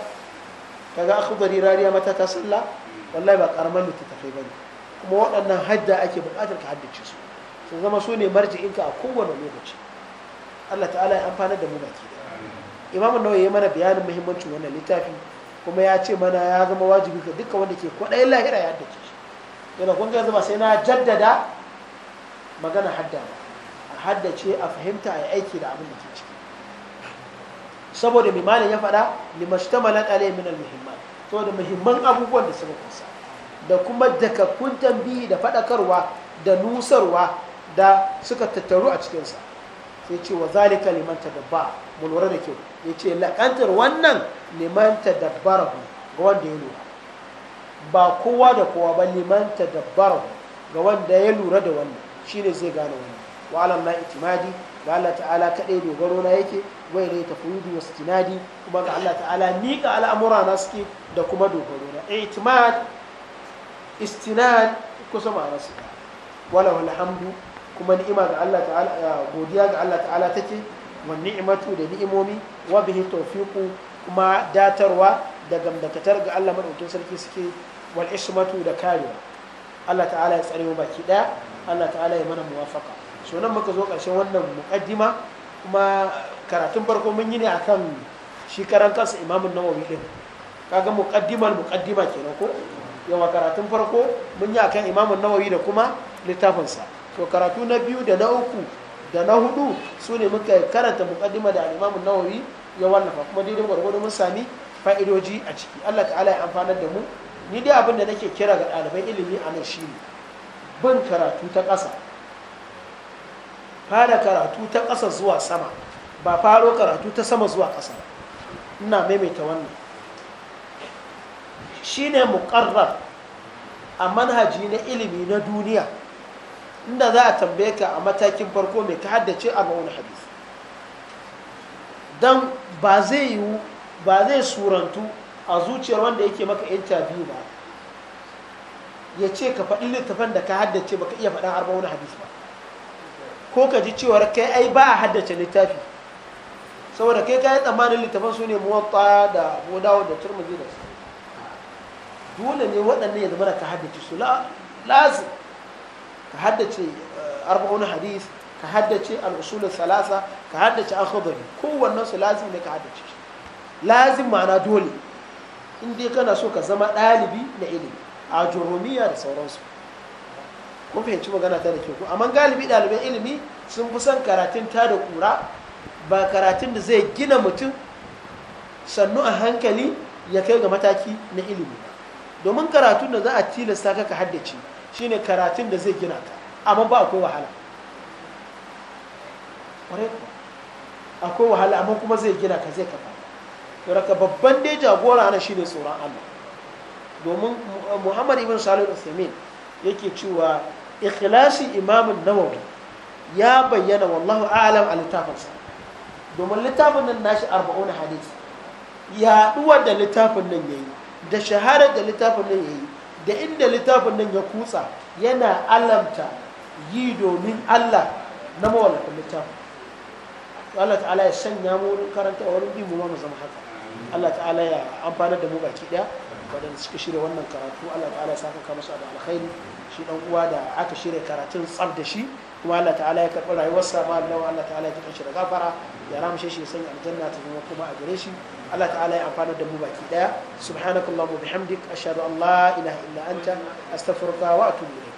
kaga akhbari rariya mata ta salla wallahi ba karamar littafi bane kuma waɗannan hadda ake buƙatar ka haddace su sun zama su ne marji'inka a kowane lokaci Allah ta'ala ya amfanar da mu baki da imamu nawa ya mana bayanin muhimmancin wannan littafi kuma ya ce mana ya zama wajibi ga duka wanda ke kwaɗayin lahira ya haddace shi yana kun ga zama sai na jaddada magana hadda a haddace a fahimta a aiki da abin da ke ciki saboda mimanin ya faɗa limashtamalat alayhi min al-muhimmat saboda muhimman abubuwan da suka kusa da kuma dakakkun biyu da faɗakarwa da nusarwa da suka tattaru a cikinsa sai ce wa zalika liman ba mu lura da kyau ya ce laƙantar wannan liman dabbara ga wanda ya lura ba kowa da kowa ba liman dabbara ga wanda ya lura da wannan shine zai gane wannan wa na itimadi ga Allah ta'ala kaɗai dogaro na yake wai rai tafuyudu wasu tinadi kuma ga Allah ta'ala miƙa al'amura na suke da kuma dogaro na itimad istinad kusa ma'ana su wala wala hamdu kuma ni'ima ga Allah ta'ala godiya ga Allah ta'ala take wa ni'matu da ni'imomi wa bihi tawfiqu kuma datarwa da gamdakatar ga Allah madaukakin sarki suke wal ismatu da karewa Allah ta'ala ya tsare mu baki ɗaya. Allah ta'ala ya mana muwafaka so nan muka zo ƙarshen wannan muqaddima kuma karatun farko mun yi ne akan shi karan kansa imamun nawawi din kaga muqaddimal muqaddima kenan ko yawa karatun farko mun yi akan imamun nawawi da kuma littafinsa to karatu na biyu da na uku da na hudu su ne muka karanta mukaddima da al'imamun nawawi ya wallafa kuma daidai gwargwado mun sami fa'idoji a ciki Allah ta'ala ya amfanar da mu ni dai abin da nake kira ga ɗaliban ilimi a nan ne. bin karatu ta ƙasa fara karatu ta ƙasa zuwa sama ba faro karatu ta sama zuwa ƙasa ina maimaita wannan shine muƙarrar a manhaji na ilimi na duniya inda za a tambaye ka a matakin farko mai ka haddace a ma'aunin hadis don ba zai yiwu ba zai surantu a zuciyar wanda yake maka interview ba ya ce ka faɗi littafin da ka haddace ba ka iya faɗan arba'un hadis ba ko ka ji cewar kai ai ba a haddace littafi saboda kai ka yi tsammanin littafin su ne muwatta da bodawo da turmuzi da su dole ne waɗannan ya zama da ka haddace su lazim ka haddace eh, arba'un hadis ka haddace al'usulun salasa ka haddace akhbari kowanne su lazim ne ka haddace shi lazim ma'ana dole in dai kana so ka zama ɗalibi na ilimi a jurumiya da sauransu kun fahimci magana ta da ke ku amma galibi ɗaliban ilimi sun fi son karatun ta da kura ba karatun da zai gina mutum sannu a hankali ya kai ga mataki na ilimi domin karatun da za a tilasta ka ka haddace shine karatun da zai gina ka amma ba akwai wahala akwai wahala amma kuma zai gina ka zai kafa to babban dai jagora ana shine tsoron Allah domin Muhammad ibn Salih al-Uthaymeen yake cewa ikhlasi Imam an-Nawawi ya bayyana wallahu a'lam a sa. domin littafin nan nashi 40 hadisi yaduwar da littafin nan yayi da shahara da littafin nan yayi da inda littafin nan ya kutsa yana alamta yi domin Allah na mawallafin littafin Allah ta'ala ya sanya mu wurin karanta a wurin bimu ma mu zama haka Allah ta'ala ya amfana da mu baki daya waɗanda suka shirya wannan karatu Allah ta'ala ya saka musu da alkhairi shi dan uwa da aka shirya karatun tsaf da shi kuma Allah ta'ala ya karɓi rayuwarsa ma Allah Allah ta'ala ya ji kanshi da gafara ya ramshe shi sanya aljanna ta zama kuma a gare shi Allah ta'ala ya amfana da mu baki daya subhanakallahumma bihamdik ashhadu an la ilaha illa anta astaghfiruka wa atubu ilayk